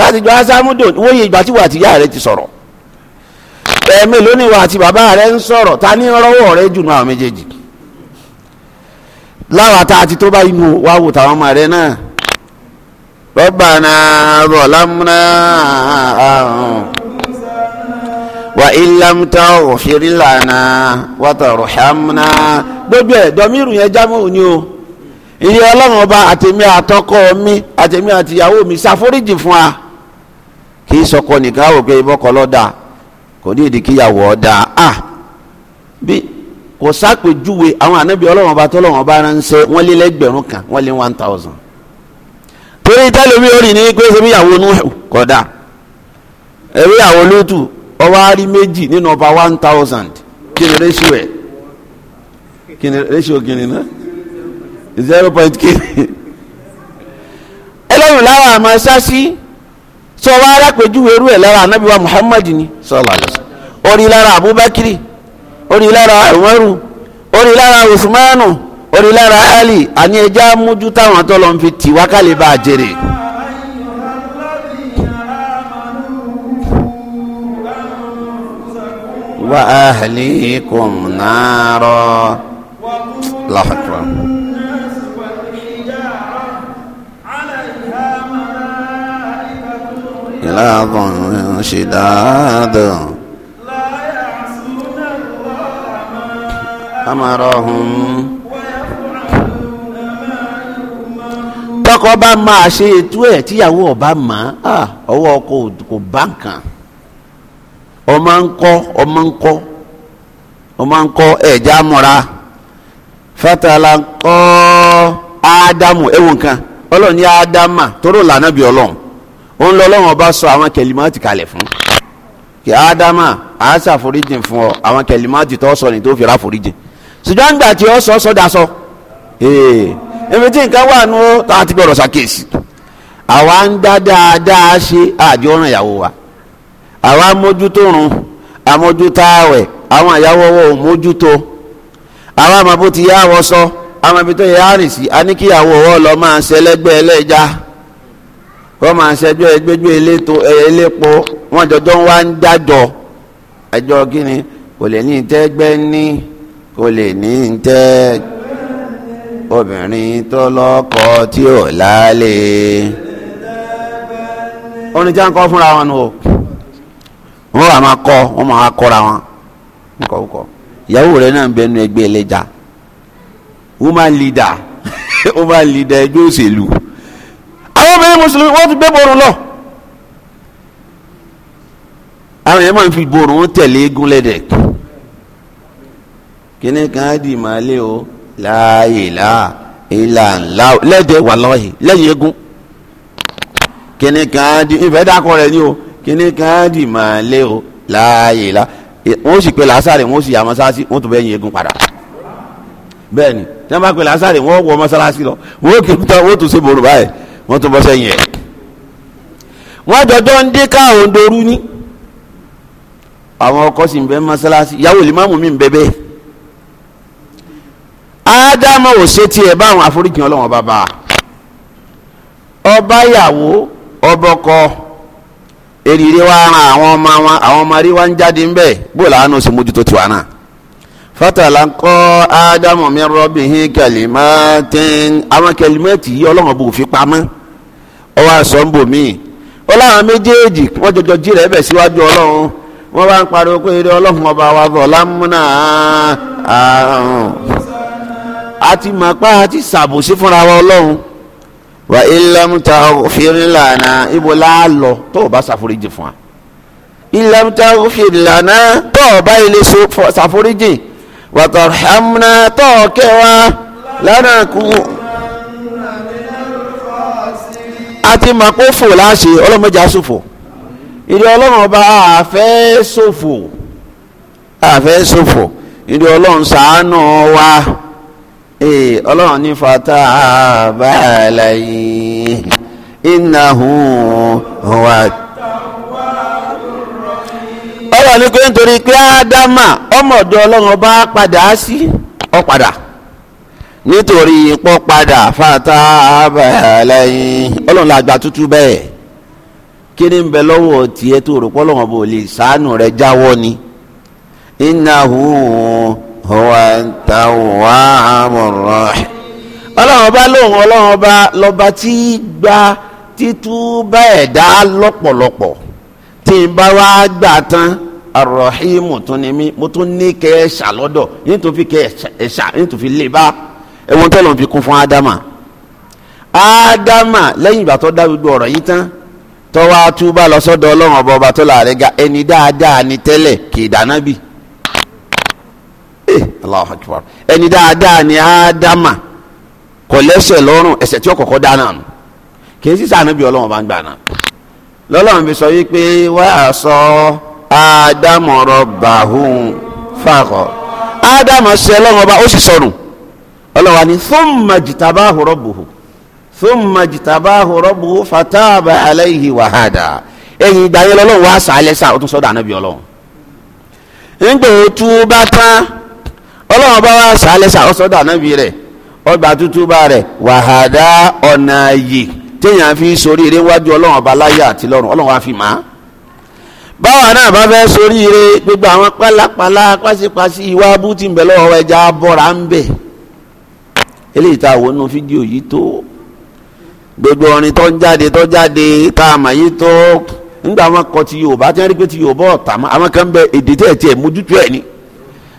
láti jọ asámú dò wọ́n iye ìgbà tí wà á ti yá rẹ̀ ti sọ̀rọ̀ ẹ̀mí lónìí wa àti bàbá rẹ̀ ń sọ̀rọ̀ ta ní rọ́wọ́ rẹ̀ jù nù àwọn méjèèjì láwa tá tó bá inú wa wò táwọn ọmọ rẹ̀ náà rọ́bànà rọ̀lámúná àrùn wà ìlàmúta òfìrìlànà wàtàrùhámúná gbogbo ẹ̀ dọ́mírù yẹn jámọ́ òní o fún wa kì í sọkọ nìkan kò ní ìdí kíyàwó ọ̀dà a ah, bí kò sápèjúwe àwọn ànábì ọlọ́wọ́n ọba tọ́lọ́wọ́n ọba ránṣẹ́ wọ́n lé lẹ́gbẹ̀rún kan wọ́n lé one thousand torí tẹ́lẹ̀mí orin ní pé ṣe bíyàwó Nuhu kódà ẹ̀bíyàwó lótù ọba rí méjì nínú ọba one thousand kí ni ẹ̀ náà zero point ẹlẹ́yìn lára àmọ́ ṣáṣí sọ wá arápèjúwe irú ẹ̀ Muhammad ni orí lára abubakiri orí lára umaru orí lára usmanu orí lára ali àní ẹja mójú táwọn tó lọ ń fi tìwá kálí bá a jèrè. wa ahlikum naro lahakura. ìlànà ṣìdáàdùn. أمرهم tọkọ bá máa ṣe ètò ẹ tíyàwó ọba mà á ọwọ́ ọkọ kò bá nǹkan ọmọ ń kọ ọmọ ń kọ ọmọ ń kọ ẹja múra fatala ń kọ ádámù ẹwọ nǹkan ọlọ́ọ̀ni ádámà tóró lànà bí ọlọ́run òun lọ́lọ́run ọba sọ àwọn kẹlímọ́tì kalẹ̀ fún kí ádámà àá ṣàforíjìn fún ọ àwọn kẹlímọ́tì tó sọ ni tó fi ra foríjìn ṣùgbọ́n àgbà tí ó sọ sọ́dà sọ ẹ̀mí tí nǹkan wà nù ó tá a ti gbọ́dọ̀ ṣàkíyèsí àwa ń dá dáadáa ṣe àjọ ọ̀ràn ìyàwó wa àwa mójútó run àmójútó àwẹ̀ àwọn ìyàwó wọ ò mójútó àwa àmọ́ bó ti yá àwọ̀ sọ àwọn ibi tó yẹ àrìn sí a ní kí ìyàwó ọwọ́ lọ máa ṣe ẹlẹ́gbẹ́ ẹlẹ́ja wọ́n máa ṣẹjọ́ ẹgbẹ́jọ́ elépo wọ́n jọjọ́ wá ń dájọ́ ẹjọ́ kí ni kò lè ní ìtẹ́gbẹ́ ní kó lè ní ń tẹ́ obìnrin tó lọ́kọ tí ò lálẹ́. orin tí wọ́n kọ́ fúnra wọn o wọ́n wà máa kọ́ wọ́n máa kọ́ra wọn kọ́kọ́ ìyàwó rẹ̀ náà ń bẹnu ẹgbẹ́ ẹlẹ́jà woman leader woman leader ẹgbẹ́ òṣèlú àwọn obìnrin mùsùlùmí wọ́n ti gbé borun lọ. àwọn èèyàn máa ń fi borun tẹ̀lé eégún lẹ́dẹ̀ẹ́ kíní kan á dì máa lé o láàyè láà ìlà ńlá lẹ́jẹ̀ wà lọ́yìn lẹ́yìn eégún kíní kan á ìfẹ́ dákọ̀ rẹ̀ ni o kíní kan á dì máa lé o láàyè láà wọ́n sì pe làásàrè wọ́n sì yà mọ́sáàsì wọ́n tún bẹ́ẹ̀ yin eégún padà bẹ́ẹ̀ ni tí wọ́n bá pe làásàrè wọ́n wọ mọ́sáàsì lọ wọ́n kì í tán wọ́n tún ṣe bòrò báyìí wọ́n tún bọ́ sẹ́yìn ẹ̀. wọ́n jọjọ́ ń dé káwọn dorú ní àwọn ọkọ sì ń bẹ mọ́sáàsì yàwó lè mi ń bẹ bẹ́ẹ̀ ádámọ̀ ò ṣe tiẹ̀ báwọn àforíjì ọlọ́wọ́n bàbá ọba ọbọkọ eririwa wa àwọn ọmọ wọn àwọn ọmọ rí wa ń jáde ń bẹ̀ bó làánú sí mójútó tiwa náà fatala ńkọ ádámọ̀ mi rọ́bì hín kẹlímẹ́tìn àwọn kẹlímẹ́tì ọlọ́wọ́n bò fi pamọ́ ọwọ́ ọlọ́wọ́n méjèèjì wọ́n jọjọ jí rẹ̀ bẹ̀ síwájú ọlọ́run wọ́n bá ń a ti mọ̀ pé a ti ṣàbòsí fúnra wa ọlọ́run wà ilẹ̀mùtà òfìrìlànà ibo la lọ tó o bá ṣàforíjì fún wa ilẹ̀mùtà òfìrìlànà tó o bá ilé ṣàforíjì wàtàrhàmùnà tó o kẹwàá lánàá kú a ti mọ̀ pé fò láṣẹ ọlọ́mọdé aṣòfò ìdí ọlọ́run ọba àfẹ́ ṣòfò àfẹ́ ṣòfò ìdí ọlọ́run ṣàánú wa. ee ọlọ́run ní fata abáàlàyé innahu huwa. ọlọ́run ní pé nítorí pé ádámà ọmọdé ọlọ́run ọba padà sí ọ̀padà nítorí fata ọlọ́run làgbà tútù bẹ́ẹ̀ kí ni ń bẹ lọ́wọ́ tiẹ̀ tó rò pọ́ lọ́wọ́ bò lè sàánù huwa tawwabur rahim ọlọ́run ọba lóhùn ọlọ́run ọba lọ́ba tí gba títúbà ẹ̀dá lọ́pọ̀lọpọ̀ tí n bá wá gbà tán arọ̀hìmù tún ni mí mo tún ní kẹ́ ẹ ṣà lọ́dọ̀ yín tó fi kẹ́ ẹ ṣà yín tó fi lè bá ẹ̀wọ̀n tó lọ́n fi kún fún ádámà ádámà lẹ́yìn ìgbà tó dá gbogbo ọ̀rọ̀ yìí tán tọ́wọ́ túbà lọ ọlọ́run ọba ọba tó láàrẹ́ ga ẹni dáadáa ni tẹ́lẹ̀ kì í dáná bíi Allahu Akbar ẹni dáadáa ni ádámà kò lẹ́sẹ̀ lọ́rùn ẹ̀ṣẹ̀ tí ó kọ́kọ́ dáná nù kì í sísá ànábì ọlọ́wọ́n bá ń gbà náà lọ́lọ́run fi sọ wípé wàá sọ ádámù rabbahum fàkọ ádámù ṣe ọlọ́wọ́n ọba ó sì sọnù ọlọ́wọ́n ni thumma jtabahu rabbuhu thumma jtabahu rabbuhu fataba alayhi wa hada ẹ̀yìn ìgbà yẹn lọ́lọ́run wá sàálẹ̀ sá ó tún sọ́dọ̀ ànábì ọlọ́wọ́n ńgbè ó tú bá tán ọlọ́run bá wá sàálẹ́sà ọ̀sọ́dà nábì rẹ̀ ọgbà rẹ̀ wàhádà ọ̀nà ààyè téèyàn fi eré wájú ọlọ́run ọba láyé àti lọ́run ọlọ́run wá fi mà á. báwa náà bá fẹ́ gbogbo àwọn pàṣípàṣí ìwà ẹja bọ́ra ń bẹ̀. eléyìí tá a fídíò yìí tó gbogbo tó ń jáde ti Yorùbá tí wọn rí pé ti Yorùbá àwọn kan bẹ èdè tẹ̀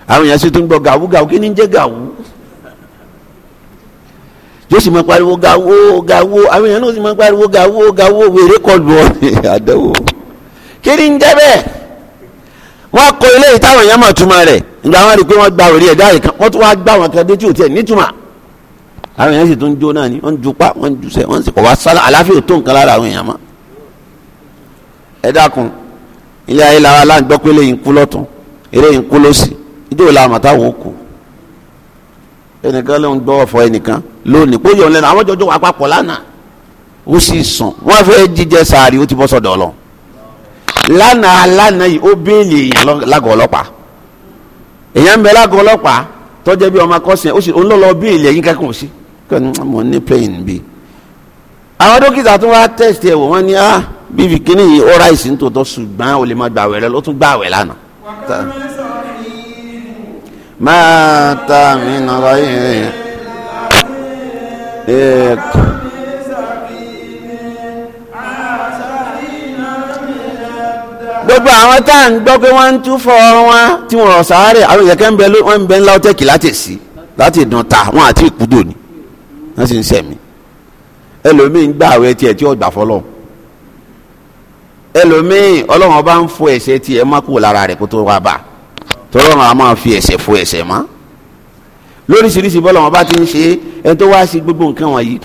àwọn èèyàn sì tún gbọ́ gàwú gàwú kí ni ń jẹ́ gàwú yóò sì máa pariwo gàwó gàwó àwọn èèyàn náà sì máa pariwo gàwó gàwó wèrè kọlù ọ àdánwò kí ni ń jẹ́ bẹ́ẹ̀ wọ́n kọ ilé ìtàwọn èèyàn mọ̀ túmọ̀ rẹ̀ ìgbà wọn rí i pé wọ́n gba òrí ẹ̀dá yìí kan wọ́n tún wá gbà wọn kan dé tí ò nítumọ̀ àwọn èèyàn sì tún jó náà ni wọ́n ju pa wọ́n ju sẹ́ wọ́n sì kọ̀ wá sálà àláfíà tó nǹkan lára àwọn èèyàn mọ́ ẹ dákun ilé ayé làwọn aláǹgbọ́ pé lè yín kú lọ́tún eré yín kú lọ́sì ìjọ ìlà àmàtà wọn kù ẹnìkan ló ń gbọ́ ọ̀fọ̀ ẹnìkan lónìí kó yọ̀ lẹ́nu àwọn jọjọ wà papọ̀ lánàá ó sì sàn wọ́n fẹ́ jíjẹ sàárì ó ti bọ́ sọ̀dọ̀ lọ lánàá lánàá yìí ó béèlì èèyàn lágọ̀ọ́ ọlọ́pàá èèyàn ń bẹ lágọ̀ọ́ ọlọ́pàá tọ́jẹ́ bí ọmọ akọ́sìn ó sì ń lọ́lọ́ béèlì ẹ̀yìn kẹ́kọ̀ọ́ sí kẹ́ni ah, mo ní plane bí. àwọn dókítà tún wá test ẹ̀ wò wọ́n ní ah bíbí kínní yìí ó ráìsì ṣùgbọ́n má gbàwẹ̀ rẹ ló tún gbàwẹ̀ lánàá. مات من غير إيه gbogbo àwọn tá à ń gbọ́ pé wọ́n ń tú fọ́ wọn tí wọ́n sáré àwọn ìyẹ́kẹ́ ń bẹ ló ń bẹ ńlá ọtẹ́kì láti sí láti dùn ta wọn àti ìkúdò ni wọ́n sì ń sẹ̀mí ẹlòmíín gbà àwẹ̀ tiẹ̀ tí ó gbà fọlọ́ ẹlòmíín ọlọ́run ọba ń fọ ẹ̀ṣẹ̀ tiẹ̀ má kúrò lára rẹ̀ kó tó wá bá a tọ́lọ́run a máa fi ẹ̀ṣẹ̀ fo ẹ̀ṣẹ̀ mọ́ lóríṣiríṣi bọ́lá wọn bá ti ń ṣe ẹni tó wá sí gbogbo nǹkan wọ̀nyí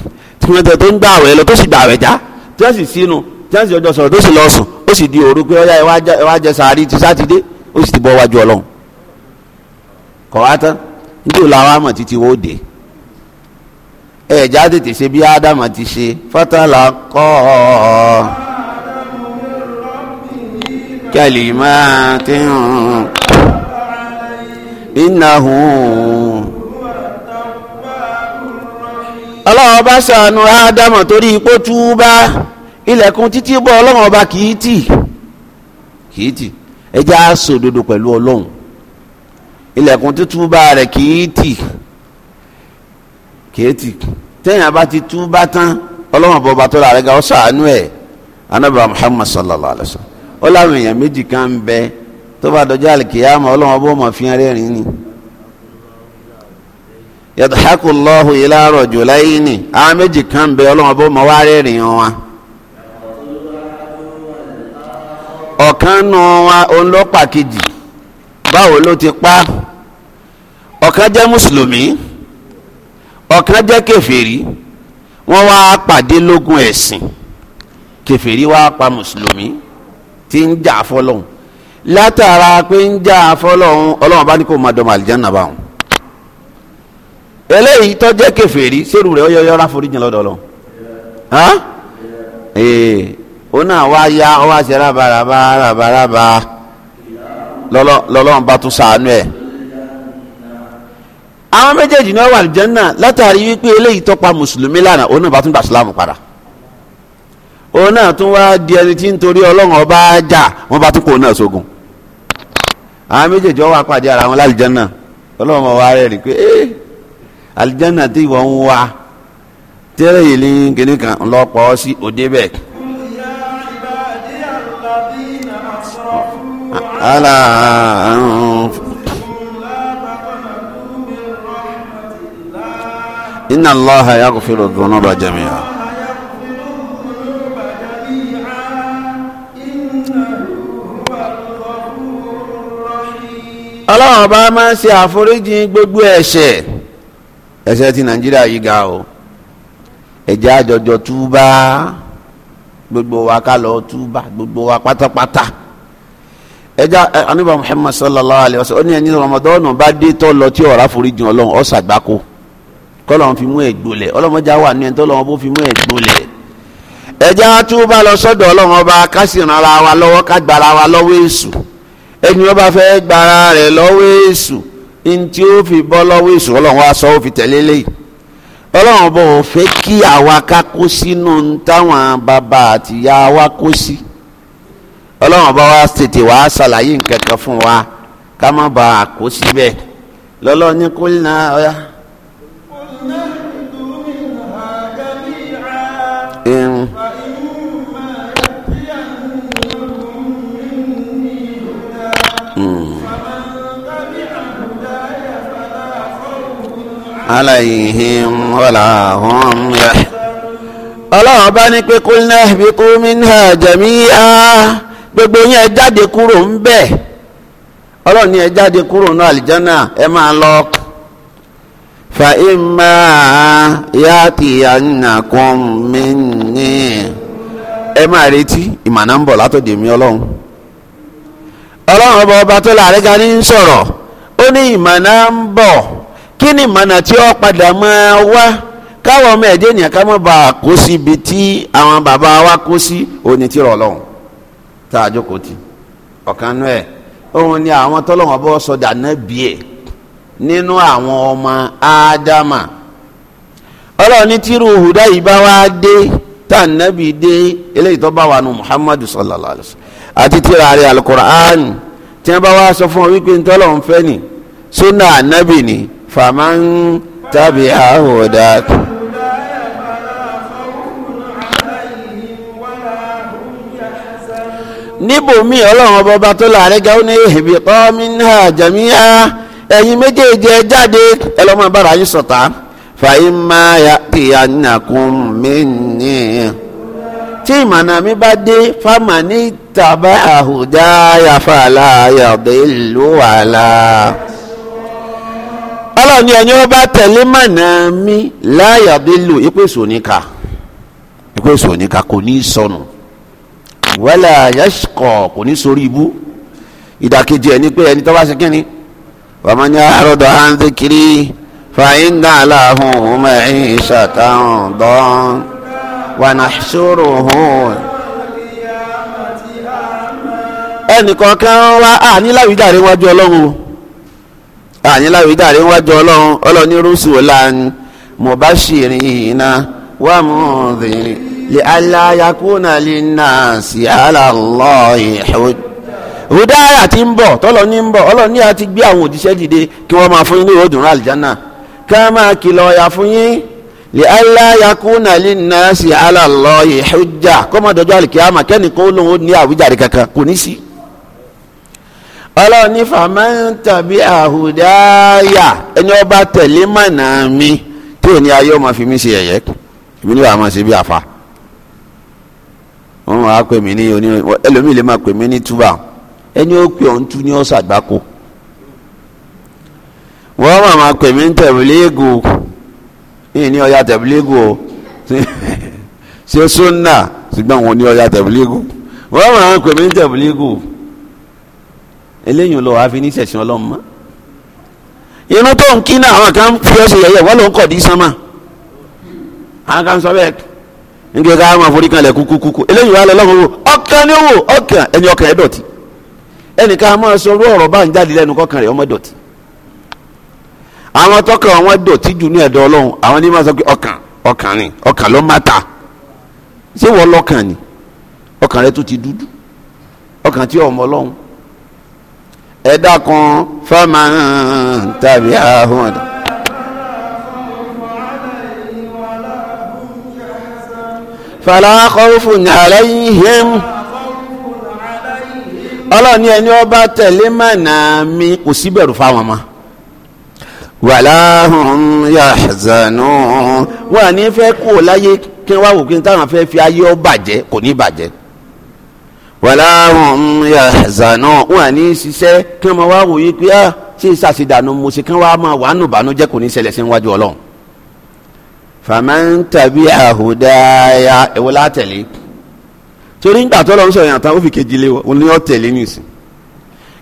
tí wọ́n tẹ̀ tó ń gbààwẹ̀ lọ tó sì gbààwẹ̀ já tí wọ́n sì sínú tí wọ́n sì ọjọ́ sọ̀rọ̀ tó sì lọ sùn ó sì di òru pé ọ̀yá ẹ jẹ sàárì ti sátidé ó sì ti bọ́ wájú ọlọ́run kọ̀ wá tán nítorí làwọn àmọ̀ títí wọ́n dé ẹ̀já tètè ṣe bí ádámà ti ṣe fọ́tàlá kọ́ ọ́ kẹ́lì máa ti hàn. innahu ọlọ́run ọba ṣàánú ádámù torí ipò túbá ilẹ̀kùn títí bọ́ ọlọ́run ọba Kìítì. í tì kì pẹ̀lú ọlọ́run ilẹ̀kùn títúbá rẹ̀ kìítì. Kìítì. tì kì í tì tẹ́yìn abá ti túbá tán ọlọ́run ọba ọba tó rà rẹ̀ ga ó ṣàánú ẹ̀ anábàá Muhammad sallallahu alayhi wa sallam ó èèyàn méjì kan ń bẹ́ẹ́ tó bá dọjọ́ àlìkìyàmọ̀ ọlọ́run ọbọ̀ ọmọ fi hàn rẹ́rìn ni yàtàkù lọ́hùn yìí láàárọ̀ jùlá yìí ni àwọn méjì kan bẹ ọlọ́run ọbọ̀ ọmọ wá rẹ́rìn wọn. ọ̀kan nù wọn olópa kejì báwo ló ti pa ọ̀kan jẹ́ mùsùlùmí ọ̀kan jẹ́ kèfèrí wọ́n wá pàdé lógun ẹ̀sìn kèfèrí wá pa mùsùlùmí tí ń jà fọlọ́hùn látara pé ń já afọlọ́run ọlọ́run bá ní kó máa dọ́mọ wọn. eléyìí tó jẹ́ kèfèrí sẹ́rù rẹ̀ ọyọ́yọ́ ráforíjìn lọ́dọ̀ lọ. ó náà wá ya ó wá ṣe rábaraba rábaraba lọ́lọ́run bá tún sàánú ẹ̀. àwọn méjèèjì wà látàrí wípé eléyìí bá tún gbà sílámù padà òun náà tún wá di ẹni tí ń torí ọlọ́run ọba jà àwọn méjèèjì ọwọ́ apàdé ara wọn lálìjánà ọlọ́run ọwọ́ ara rẹ̀ pé ee àlìjánà tí ìwọ ń wá tẹ́lẹ̀ yìí ní kíní kan lọ́pọ̀ sí òde bẹ́ẹ̀. ala inna allaha yaghfiru dhunuba jami'a. ọlọ́run bá máa ń ṣe àforíjì gbogbo ẹ̀ṣẹ̀ ẹ̀ṣẹ̀ ti nàìjíríà yìí ga o ẹ̀jẹ̀ àjọjọ túbá gbogbo wa ká lọ túbá gbogbo wa pátápátá ẹja anuba muhammad sallallahu alayhi wa sallam ó ní ẹni ramadan bá dé tọ́ lọ tí ọ̀rá foríjì ọlọ́run ó ṣàgbákò kọ́lọ́run fi mú ẹ̀gbọ́lẹ̀ ọlọ́mọdé wà ní ẹni tọ́lọ́run bó fi mú ẹ̀gbọ́lẹ̀ ẹja túbá lọ sọ́dọ̀ ọlọ́run ọba kásìrán wa lọ́wọ́ ká wa lọ́wọ́ èṣù ẹni ó bá fẹ́ gbara rẹ̀ lọ́wọ́ èṣù ní ó fi bọ́ lọ́wọ́ èṣù ọlọ́run aṣọ ó fi tẹ̀lé léyìí e. ọlọ́run bò ó fẹ́ kí àwa ká kó sínú táwọn bàbá àtìyá wa kó sí ọlọ́run bá wa tètè wá ṣàlàyé nǹkan fún wa ká má ba àkó síbẹ̀ lọ́lọ́run ní kó nà ọ́yá. kó عليهم ولا هم ọlọ́run bá ní pé kulna gbogbo yín ẹ jáde kúrò ń bẹ̀ ọlọ́run ní ẹ jáde kúrò ní àlìjánà ẹ máa lọ. fa imma yatiyannakum minni ẹ máa retí ìmọ̀nà ń bọ̀ mi ọlọ́run ọba ọba tó ga sọ̀rọ̀ ó ní ìmọ̀nà ń bọ̀. kí ni mọ̀nà tí ó padà máa wá káwọn ọmọ ẹ̀dẹ́ ènìyàn ká má bàa kó sí ibi tí àwọn bàbá wa kó sí òní tí rọ̀ lọ́hùn tá a jókòó ti ọ̀kan nú ẹ̀ òun ni àwọn tọ́lọ́wọ́n bọ́ sọdà náà bí ẹ̀ nínú àwọn ọmọ ádámà ọlọ́run ní tírú hùdá yìí bá wá dé tá a nábì dé eléyìí tó bá wà nù muhammadu sallallahu alayhi wa sallam àti tíra rẹ̀ alukur'an tí wọ́n bá wá sọ fún ọ wípé ntọ́lọ́run fẹ́ ni sunna anabi ni فمن تبع هداك níbòmí ọlọ́run ọba ọba tó láàrin ga ó ní èbì tọ́mínà jẹ̀míà ẹ̀yin méjèèjì ẹ jáde ẹlọ́mọ bára yín sọ̀tà fàyímà kì í ànàkùn mí ní. tí ìmọ̀nà mi bá dé fáma ní tàbá àhùdá yàfàlà yàgbé ìlú ọlọ́run ní ẹni ó bá tẹ̀lé mọ̀nà mi láyàdé lò kò ní sọnù wala yashqa kò ní sori ibú ìdàkejì ẹni pé ẹni tó bá ṣe kínni wa man fa inna lahu dán ẹnì kọ̀ọ̀kan wa àyínláwí dàrí wájú ọlọ́run ọlọ́run ní rúṣù lan mubashirina wa mundhirin li alla yakuna linnasi ala Allahi hujja hùdáyà tí ń bọ̀ tọ́lọ ní ń bọ̀ ọlọ́ni a ti gbé àwọn òjíṣẹ́ dìde kí wọ́n máa fún yín ní ìròdùn rà àlìjánà kí máa kìlọ̀ ọ̀yà fún yín lè aláyakúnà lè nà sí alàlọ́ ìhújà kọ́mọdọ́jọ́ àlìkíyàmà kẹ́nìkan ó lóun ó ní àwíjàre kankan kò ní sí. ọlọ́run ní tàbí àhùdáyà ẹni ọba tẹ̀lé mọ̀nà mi tí ò ní ayé ọmọ fi mí ṣe ẹ̀yẹ́ ìbí níwà máa ṣe bí àfa wọn wàá pè mí ní oní ẹlòmíì lè máa pè mí ní túbà ẹni ó pè tú ní ọ̀sà gbáko wọ́n máa pè mí o sọ́nà ṣùgbọ́n wọn ní ọ̀yà wọ́n máa pè mí ní eléyìí lọ wàá fi ní sẹ̀sìn ọlọ́run mọ́ irun tó ń kí náà àwọn kan fi ọ́ ṣe yẹ̀yẹ́ wọ́n ló ń kọ̀ dí sánmà àwọn kan sọ bẹ́ẹ̀ nígbà ká máa forí kanlẹ̀ kúkúkú eléyìí wàá lọ lọ́wọ́ wò ọkàn ni wò ọkàn ẹni ọkàn ẹ̀ dọ̀tí ẹnìkan máa sọ orú ọ̀rọ̀ bá ń jáde lẹ́nu kọ́kàn rẹ̀ ọmọ dọ̀tí àwọn tọkàn wọn dọ̀tí jù ní ẹ̀dọ̀ ọlọ́run àwọn ẹ fama fáwọn tàbí ahọ́n. fala khawfun alayhim ọlọ́ni ẹni ọba tẹ̀lé mọ̀nà mi kò sí bẹ̀rù fáwọn ọmọ wala hum yahzanun wọn à ní fẹ́ kó o láyé kí wọ́n wò kí n táwọn fẹ́ àwọn mm, yàzànà wọn à ní ṣiṣẹ́ kí wọ́n wá wòye pé á ah, ṣe ìṣàṣìdànù mo ṣe kí wọ́n á máa wàánu bànújẹ́ kò ní ṣẹlẹ̀ sí iwájú ọlọ́run. fàmán tàbí àhùdáyà èwo látẹ̀lé torí ńgbà tó lọ́n sọ̀rọ̀ yàn ó fi kejì lé wọn ni ó tẹ̀lé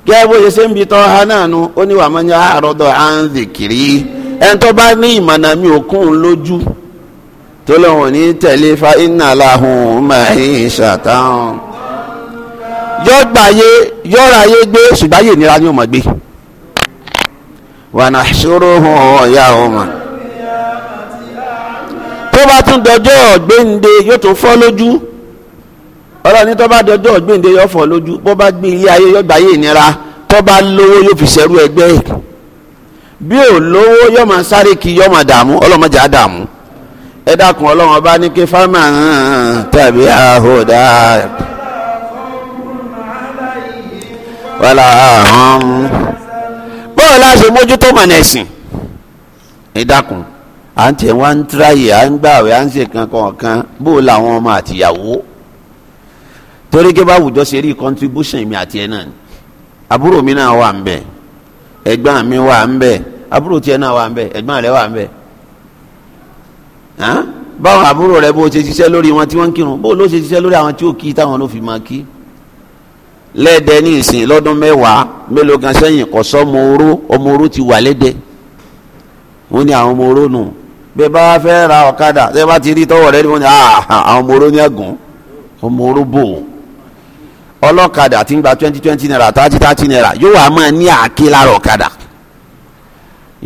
gẹ́gẹ́ bó ṣe ṣe ń bi tọ́ ha náà nu ó ní wàá máa àròdọ̀ à ń zikiri ẹni tó bá ní ìmọ̀nà mi ò lójú tó yóò gbàyé yóò ráyé gbé ṣùgbọ́n ayé ìnira ni ó máa gbé. wàhánà ṣòro hàn ọ̀yà ọmọ. tó bá tún dọjọ́ ọ̀gbẹ́ǹde yóò tún fọ́ lójú ọlọ́ni tó bá dọjọ́ ọ̀gbẹ́ǹde yóò fọ́ lójú bó bá gbé ilé ayé yóò ìnira tó bá lówó yóò fi ṣẹ́rú ẹgbẹ́ yìí bí ò lówó yóò máa sáré kí yóò máa dààmú ọlọ́mọdé á dààmú ẹ dákun ọlọ́run ọba ní kí fámà tàbí àhódà. wala àhán ah, um. bọ́ọ̀ la ṣe mójútó mọ̀nà ẹ̀sìn ẹ dákun à ń tẹ̀ wá ń tíráyè à ń gbàwé à ń ṣe kankan kan bóò làwọn ọmọ àtìyàwó torí gẹ́gẹ́ bá àwùjọ ṣe rí contribution mi àti ẹ̀ náà ni àbúrò mi náà wà ń bẹ̀ ẹ̀gbọ́n mi wà ń bẹ̀ àbúrò tiẹ̀ náà wà ń bẹ̀ ẹ̀gbọ́n rẹ̀ wà ń bẹ̀ báwọn àbúrò rẹ̀ bó ṣe ṣiṣẹ́ lórí wọn tí wọ́n ń kírun bó ló ṣe ṣiṣẹ́ lórí àwọn tí ó kí táwọn ló fi máa kí. lẹ́ẹ̀dẹ́ ní ìsìn lọ́dún mẹ́wàá mélòó kan sẹ́yìn kò sọ́mọ oró ọmọ oró ti wà lẹ́dẹ́ wọ́n ní àwọn ọmọ oró nù bẹ́ẹ̀ bá fẹ́ ra ọ̀kadà tẹ́ bá ti rí tọ́wọ́ rẹ wọ́n ní ah, àwọn ọmọ oró ní ẹ̀gùn ọmọ oró bò wọ́n ọlọ́kadà tí ń gba twenty twenty naira thirty thirty naira yóò wá máa ní àáké lára ọ̀kadà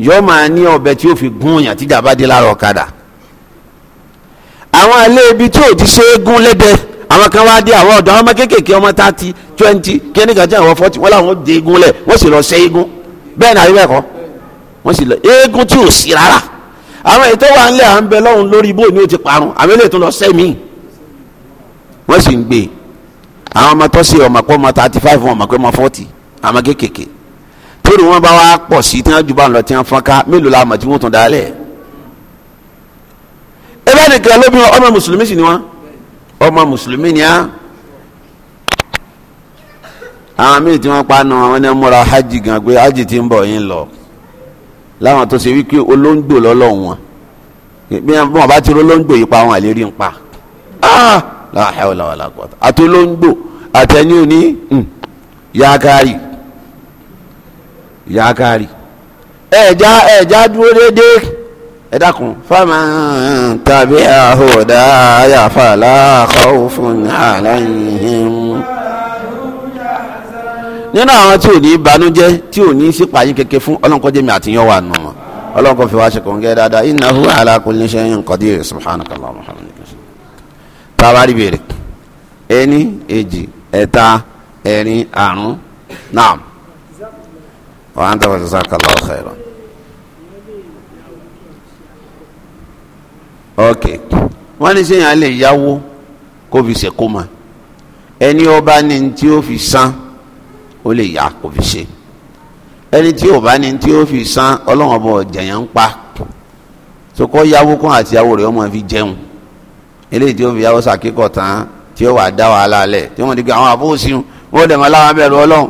yóò máa ní ọbẹ̀ tí yóò fi gún òyàn tíjà bá dé lára ọ̀kadà àwọn ilé ibi tí ò ti ṣe é gún lẹ́dẹ́ẹ́ àwọn kan wá dé àwọn ọ̀dọ́ àwọn ọmọ kéékèèké ọmọ thirty twenty kíni kan jẹ́ àwọn forty wọ́n làwọn di egun lẹ̀ wọ́n sì lọ ṣe egun bẹ́ẹ̀ ni sì lọ tí ò sí rárá àwọn ètò wa à ń bẹ lọ́hùn lórí ni ó ti parun àwọn eléyìí tó lọ sẹ́mi wọ́n sì ń gbé àwọn ọmọ tó ọmọ pé ọmọ thirty five ọmọ pé ọmọ forty àwọn kéékèèké wọn bá wá pọ̀ sí tí ju bá ń lọ tí fọ́nká mélòó la mọ̀ tí tún dalẹ̀ ẹ lóbi ọmọ mùsùlùmí ọmọ mùsùlùmí ni A àwọn míì tí wọ́n pa nù àwọn ẹni múra hajj gan pé hajj ti ń bọ̀ yín lọ láwọn tó ṣe wípé olóńgbò lọ́lọ́run bí wọ́n bá ti rí yìí pa àwọn àlérí ń pa ah! àti olóńgbò àtẹni òní yaakari hmm, yaakari ẹ̀ẹ́dá ẹ̀ẹ́dá dúró déédéé. ẹ dákun faman tabi'a hudaya fala khawfun alayhim. nínú àwọn tí ò ní banújẹ́ tí ò ní sípàyé kéke fún ọlọ́nkọ́jẹ́ mi àtìyàn wà nù wọn ọlọ́nkọ́ fi wá ṣe kòńgẹ́ dáadáa innahu ala kulli shay'in qadir subhanakallahumma wa bihamdik. tábàárí bèrè ẹni èjì ẹ̀ta ẹ̀rin àrún naam wa anta jazakallahu khairan. ok wọ́n ní sẹ́yìn alẹ́ yáwó kó fi ṣe kó ma ẹni ọba ní tí ó fi san ó lè yá kó fi ṣe ẹni tí ọba ní tí ó fi san ọlọ́wọ́n bọ̀ jẹ̀yàn ń pa so kọ́ yáwó kan àti yáwó rẹ̀ ọmọ fi jẹun eléyìí tí ó fi yáwó sàkíkọ̀ tán tí ó wà dá wàhálà lẹ̀ tí wọ́n ti gbé àwọn àbóòsìn wọ́n dẹ̀ mọ́ láwọn abẹ́rù ọlọ́run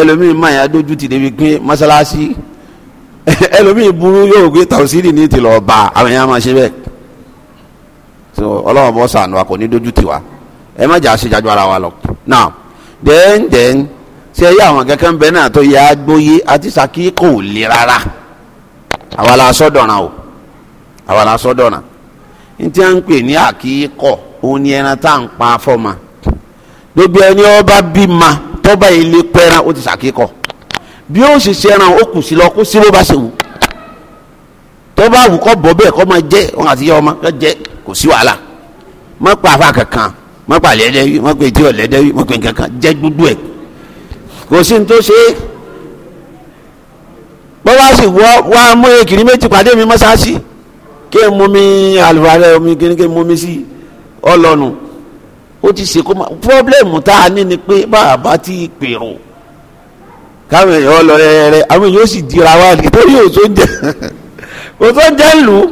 ẹlòmíì máa yà dójú ti débi pé mọ́sálásí ẹlòmíì burú yóò gbé tàùsírì ní tìlọ̀ ọba àwọn èèyàn máa ṣe bẹ́ẹ̀ so ọlọ́wọ́n bọ́ sànù wa kò ní dojú tiwa ẹ má jà ṣèjájú ara wa lọ now then then ṣe ẹ yí àwọn kankan bẹ náà tó yẹ agbóyé àti saki kò le rárá àwa la sọ dọ̀ràn o àwa la sọ dọ̀ràn n tí a ń pè ní àkíkọ òun ni ẹran tá à ń pa fọ́ọ̀mà gbogbo ẹni ọba bí ma tọ́ba yìí lè pẹ́ran ó ti sàkíkọ bí ó sì ṣẹran ó kù sí lọ kó sí ló bá ṣe wù tọ́ba àwùkọ́ bọ́ bẹ́ẹ̀ kọ́ máa jẹ́ òun àti yẹ ọmọ kẹ́ jẹ́ kò sí wàhálà má pa àfa kankan má pa lẹ́dẹ́wí má pa etí ọ̀lẹ́dẹ́wí má pa kankan jẹ́ gbogbo ẹ̀ kò sí ní tó ṣe é bó wá sì wọ́ wá mú ekiri méjì pàdé mi mọ́sáàsì kí n mú mi àlùfáàrẹ omi kí n kí n mú mi sí ọlọ́nu ó ti ṣe kó ma pọ́blẹ́mù tá a ní ni pé bàbá ti pèrò káwọn èèyàn lọ rẹ rẹ àwọn èèyàn ó sì dira wá nítorí òṣòjẹ òṣòjẹ ń lù ú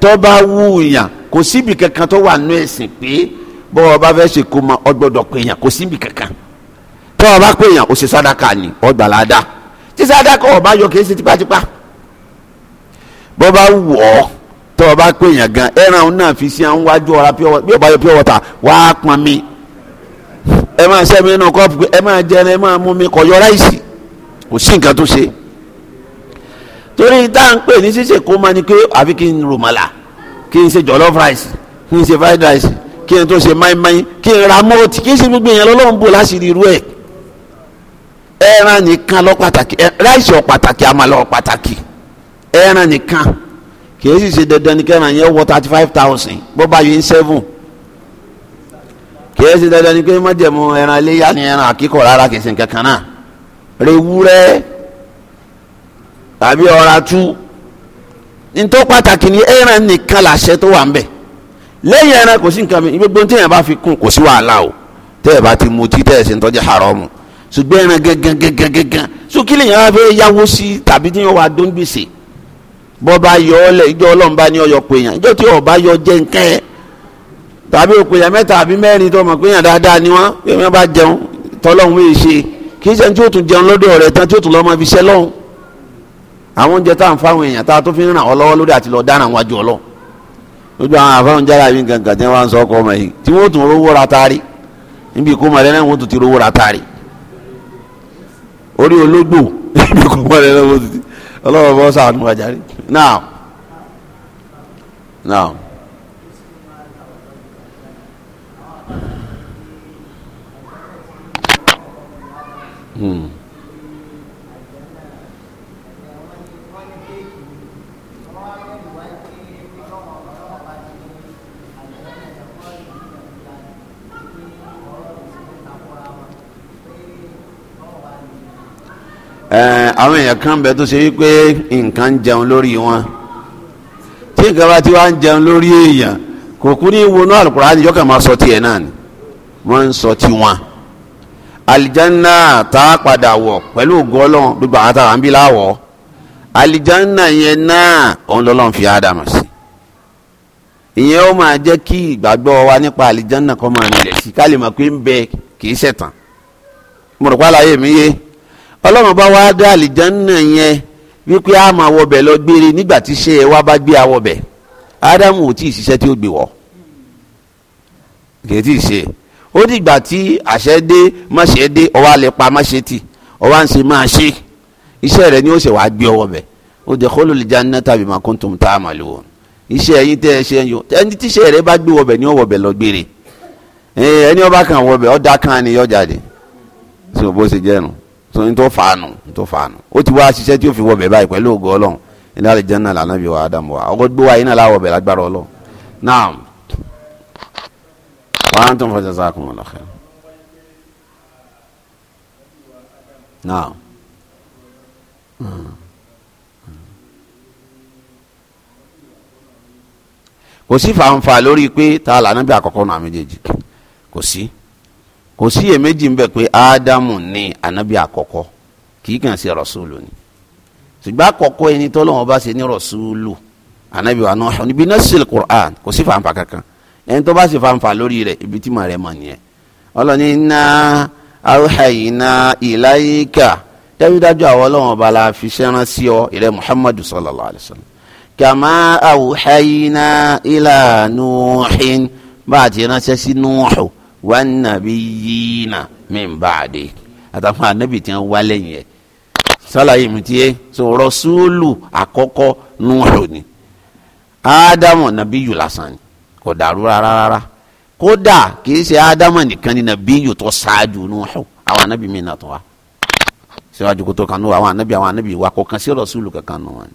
tó bá wúyàn kò síbi kankan tó wà nú ẹ̀sìn pé bọ́ ọ bá fẹ́ ṣe kó ma ọ gbọ́dọ̀ péyàn kò síbi kankan tó o bá péyàn o ṣe sádàkà ni ọ gbà ládàá tí sádàkà o bá yọ kì í ṣe tipátipá bọ́ bá wù ọ́ tó o bá péyàn gan ẹran òun náà fi sí àwọn wájú ọ̀rá bí o yọ pure water wá á pọn mi ẹ máa ṣẹ́ mi nínú ẹ máa jẹun ẹ máa mú mi kọ̀ yọ ráìsì kò sí nǹkan tó ṣe torí tá à ń pè ní ṣíṣe kó máa ní pé àfi kí n rùmọ̀là kí n ṣe jollof rice kí n ṣe fried rice kí n tó ṣe máìmáì kí n ra mọ́ọ̀tì kí n ṣe gbogbo èèyàn lọ́lọ́run bò láṣìírí irú ẹ̀ ẹran nìkan lọ pàtàkì ráìsì ọ̀ pàtàkì àmàlà ọ̀ pàtàkì ẹran nìkan kì í sì ṣe dandan ní kẹran yẹn wọ thirty five thousand bó bá yín seven kì í ṣe dandan ní pé mọ́jẹ̀mú ẹran iléyà ni ẹran àkíkọ̀ rárá kì í ṣe nǹkan kan náà rewúrẹ́ àbí ọ̀rá tú nítorí pàtàkì ni ẹran nìkan làṣẹ tó wà ń bẹ̀ lẹ́yìn ẹran kò sí nǹkan mi gbogbo tí èèyàn bá fi kún kò sí wàhálà o tẹ́ ẹ̀ bá ti mu tí tẹ́ ẹ̀ sì ń tọ́jú haramu ṣùgbọ́n ẹran gẹ́gẹ́ gẹ́gẹ́ gẹ́gẹ́ so kí lèèyàn wá fẹ́ yáwó sí tàbí tí wọ́n wá dó ń gbèsè bọ́ bá yọ ọ́ lẹ̀ ìjọ ọlọ́run bá ní ọyọ pé èèyàn ìjọ tí ọba yọ jẹ́ nǹkan ẹ̀ tàbí òpè àwọn oúnjẹ tá à ń fáwọn èèyàn tá a tó fi ń ràn ọ lọ́wọ́ lórí àti lọ dáná wájú ọ lọ lójú àwọn àfáwọn jára yìí nǹkan kan tí wọ́n á ń sọ ọkọ ọmọ yìí tí wọ́n tún rówó ra taari níbi ìkó mọ̀lẹ́ náà wọ́n tún ti rówó ra taari orí ológbò níbi ìkó mọ̀lẹ́ náà wọ́n tún ti ọlọ́wọ́ bọ́ sàánú àjárí now now. Hmm. àwọn èèyàn kan bẹ tó ṣe wípé nǹkan ń jẹun lórí wọn tí nǹkan bá ti wá ń jẹun lórí èèyàn kò kú ní wọnú Al-Qur'ani níjọ́ kan máa sọ tiẹ̀ náà ni wọ́n ń sọ alijanna tá padà wọ̀ pẹ̀lú ògo Ọlọ́run gbogbo àwọn àtàwọn láwọ̀ alijanna yẹn náà òun lọ́lọ́run fi Ádámù sí ìyẹn ó máa jẹ́ wa nípa alijanna kọ́ máa sí ká lè mọ̀ pé ń bẹ kì mi yé. ọlọ́run bá wá dá àlìjánná yẹn wípé a máa wọbẹ̀ lọ gbére nígbà tí iṣẹ́ ẹ wá bá gbé awọbẹ̀ ádámù ò tí ì ṣiṣẹ́ tí ó gbé wọ̀ kì í tí ì ṣe ó dìgbà tí àṣẹ dé máṣe dé ọwọ́ alẹ́ pa máṣe tì ọwọ́ à ń ṣe máa ṣe iṣẹ́ rẹ ni ó ṣe wàá gbé ọwọ́ ó jẹ́ kó lóòlì jannata bima kuntum ta'malun iṣẹ́ yín tẹ́ ẹ ṣe yín ẹni tíṣẹ́ rẹ bá gbé wọbẹ̀ ni ó wọbẹ̀ lọ gbére ẹni ọba kan wọbẹ̀ ọ̀dà kan ni yọ jáde ṣùgbọ́n bó ṣe jẹ́ nù tó ń tó fàánù ń tó fàánù ó ti wá ṣiṣẹ́ tí ó fi wọ bẹ̀ báyìí pẹ̀lú ògo ọlọ́run ilé àlìjẹ́nà lànà bí wà á wa ọkọ̀ gbé wa iná láwọ̀ bẹ̀ lágbára ọlọ́run naam wa antum fa jazakumullahu khair naam. kò sí fanfa lórí pé ta lànà bí àkọ́kọ́ nù àmì kò sí kò sí èméjì ń bẹ pé ádámù ní ànábì àkọ́kọ́ kì í kàn sí rọ̀ṣúlù ni ṣùgbọ́n àkọ́kọ́ ẹni tọ́lọ́wọ́n bá ṣe ní rọ̀ṣúlù ànábì wa náà níbi náà ṣe Qur'an kò sí fanfa kankan ẹni tó bá ṣe fanfa lórí rẹ̀ ibi tí màá rẹ̀ mọ̀ nìyẹn ọlọ́ni iná awúhàyìnà ìláyíkà dájúdájú àwọn ọlọ́wọ́n ọba la fi ṣẹ́ran sí ọ ìrẹ́ Muhammadu sallallahu alayhi wa sallam kàmá awúhàyìnà ìlà nùhìn bá a ránṣẹ́ sí nùhùn wà nàbí yíìnà min ba'di àtàwọn ànábì tí wọ́n wá lẹ́yìn ẹ̀ sálàyé mi tiẹ́ so rọ́súlù àkọ́kọ́ nùrù ni ádámù nàbí yù lásán ni kò dàrú rárá rárá kódà kìí ṣe ádámù nìkan ni nàbí yù tó ṣáájú nùrù àwọn ànábì mi nà tó wa síwájú kó tó kan nù àwọn ànábì àwọn ànábì wa kò kàn sí rọ́súlù kankan nù wọn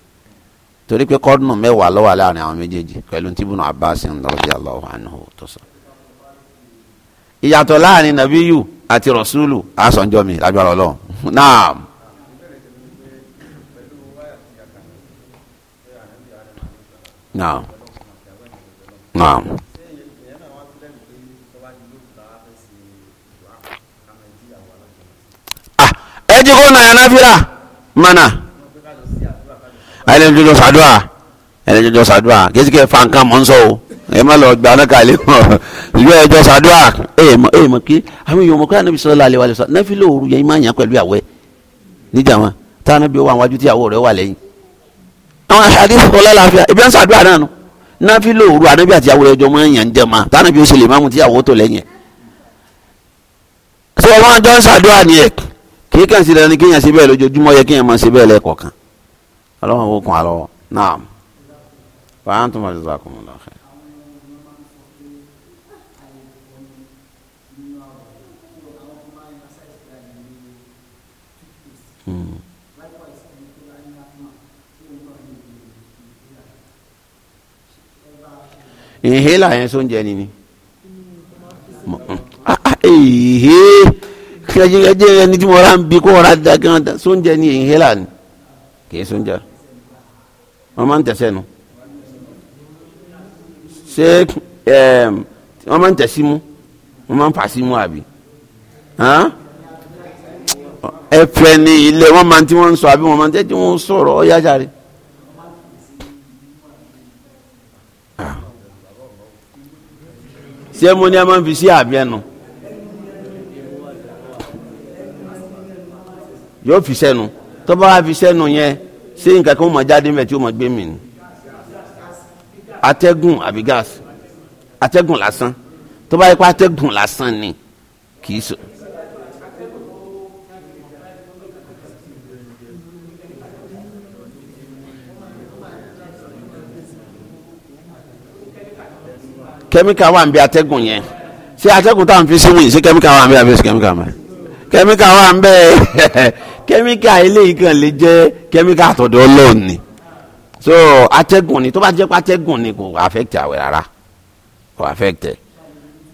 torí pé kọ́dùnù mẹ́wàá lọ́wọ́ láàrin àwọn méjèèjì pẹ̀lú tíbùnú Abbas ń lọ́ọ́ bí aláwọ̀ àánú tó sọ ìyàtọ̀ láàrin nàbíyù àti rọ̀ṣúlù àsọ̀njọ́ mi lágbára ọlọ́run náà. náà náà. ẹ jí kó nàá nàbíyà mọ̀nà ẹ lè jọjọ sàdúà ẹ lè jọjọ sàdúà kí ẹ sì kẹ́ fa nǹkan mọ́ ń o ẹ má lọ gba náà kàlẹ́ mọ́ ìjọ ẹjọ́ sàdúrà ẹ mọ ẹ mọ kí àwọn èèyàn ọmọkúrẹ́ ànábi sọ́lá alẹ́ wa lè sọ nẹ́fílẹ̀ òru yẹn máa yàn pẹ̀lú ìyàwó ẹ níjà wọn tá ànábi ó wà wájú tí ìyàwó rẹ wà lẹ́yìn. àwọn aṣáájú sọlá láàfíà ìbí wọn sàdúrà náà nù nẹ́fílẹ̀ òru ànábi àti ìyàwó rẹ jọ máa yàn jẹ ma tá ànábi ó ṣe lè má mu tí ìyàwó tó lẹ́yìn sọ wọn jọ ń sàdúrà ni ẹ kì í kàn sí lẹni kéèyàn ṣe bẹ́ẹ̀ lójoojúmọ́ yẹ kéèyàn máa ṣe bẹ́ẹ̀ Mm. ìhélà yẹn tó ń jẹ ni ni hmm. ah, ah, ìhé kẹjẹ ẹni tí mo rà ń bi kó ra da kí wọn da tó ń jẹ ni ìhélà ni kìí tó ń jẹ wọn máa ń tẹsẹ̀ nu ṣé wọn máa ń tẹsí mu wọn máa ń fà sí mu àbí ẹ̀fẹ̀ ni ilé wọn máa ti wọn sọ àbí wọn máa ti tí wọn sọ̀rọ̀ ọyá sáré. ṣé mo ní a máa ń fi sí àbí ẹnu yóò fi sẹ́nu tó bá fi sẹ́nu yẹn ṣé nǹkan kan ó máa jáde mẹ́ tí ó máa gbé mi ni atẹ́gùn àbí gáàsì atẹ́gùn lásán tó bá yẹ atẹ́gùn lásán ni kì í sọ. So kẹ́míkà wà ń bẹ atẹ́gùn yẹn ṣé atẹ́gùn tá à ń fi síwìn ṣé kẹ́míkà wà ń bẹ àbí kẹ́míkà wà ń bẹ wà ń bẹ eléyìí kan lè jẹ́ kẹ́míkà àtọ̀dọ̀ ọlọ́run so atẹ́gùn ni tó bá jẹ́ pé atẹ́gùn ni kò affect àwẹ̀ rárá kò affect ẹ̀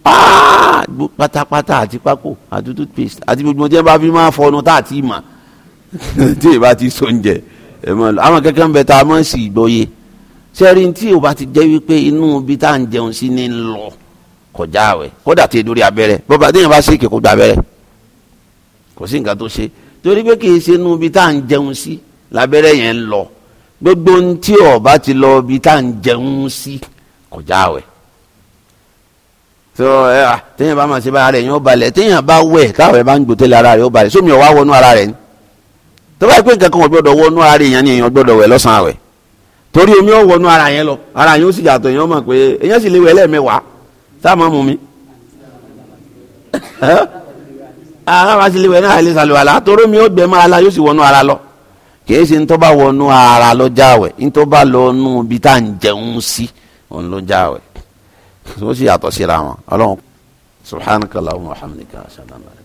ah! pátápátá àti pákó àti toothpaste àti gbogbo jẹ́ bá fi máa fọnu tá àti mà tí ì bá ti sóúnjẹ ẹ̀ mọ̀ àwọn kẹ́kẹ́ ń bẹ tá a mọ̀ sí ìgbọ́yé sẹ́rí tí o bá ti jẹ́ wípé inú ibi tá à ń jẹun sí ni ń lọ kọjá àwẹ̀ kódà tí edori abẹ́rẹ́ bọ́ba téèyàn bá ṣèkè kó gba abẹ́rẹ́ kò sí nǹkan tó ṣe torí pé kì í ṣe inú ibi tá à ń jẹun sí labẹ́rẹ́ yẹn ń lọ gbogbo tí o bá ti lọ ibi tá à ń jẹun sí kọjá àwẹ̀ tó ẹ à téèyàn bá máa ṣe bá ara rẹ̀ yẹn ó balẹ̀ téèyàn bá wẹ̀ táwọn bá ń gbòtẹ́lẹ̀ ara rẹ̀ ó balẹ̀ sómi ọ̀wá wọnú ara rẹ̀ ni tó bá yẹ pé nǹkan kan ò gbọ́dọ̀ wọnú ara rẹ̀ yẹn ni èèyàn gbọ́dọ̀ wẹ̀ lọ́sàn-án àwẹ̀ torí omi ọ̀ wọnú ara yẹn lọ ara yẹn ó sì yàtọ̀ yẹn ó mọ̀ pé èyàn sì léwu ẹlẹ́mẹ̀wàá tá a máa mú mi ara ah, wa sì léwu ẹ̀ náà lè ṣàlùwàlá torí omi ó gbẹ máa la yóò sì wọnú ara lọ kìí ṣe ntọ́ bá wọnú ara lọ jáwẹ̀ ntọ́ bá lọ nú bí tá à ń jẹun sí òun ló jáwẹ̀ ó sì yàtọ̀ síra wọn ọlọ́run subhanakallahumma wa hamdika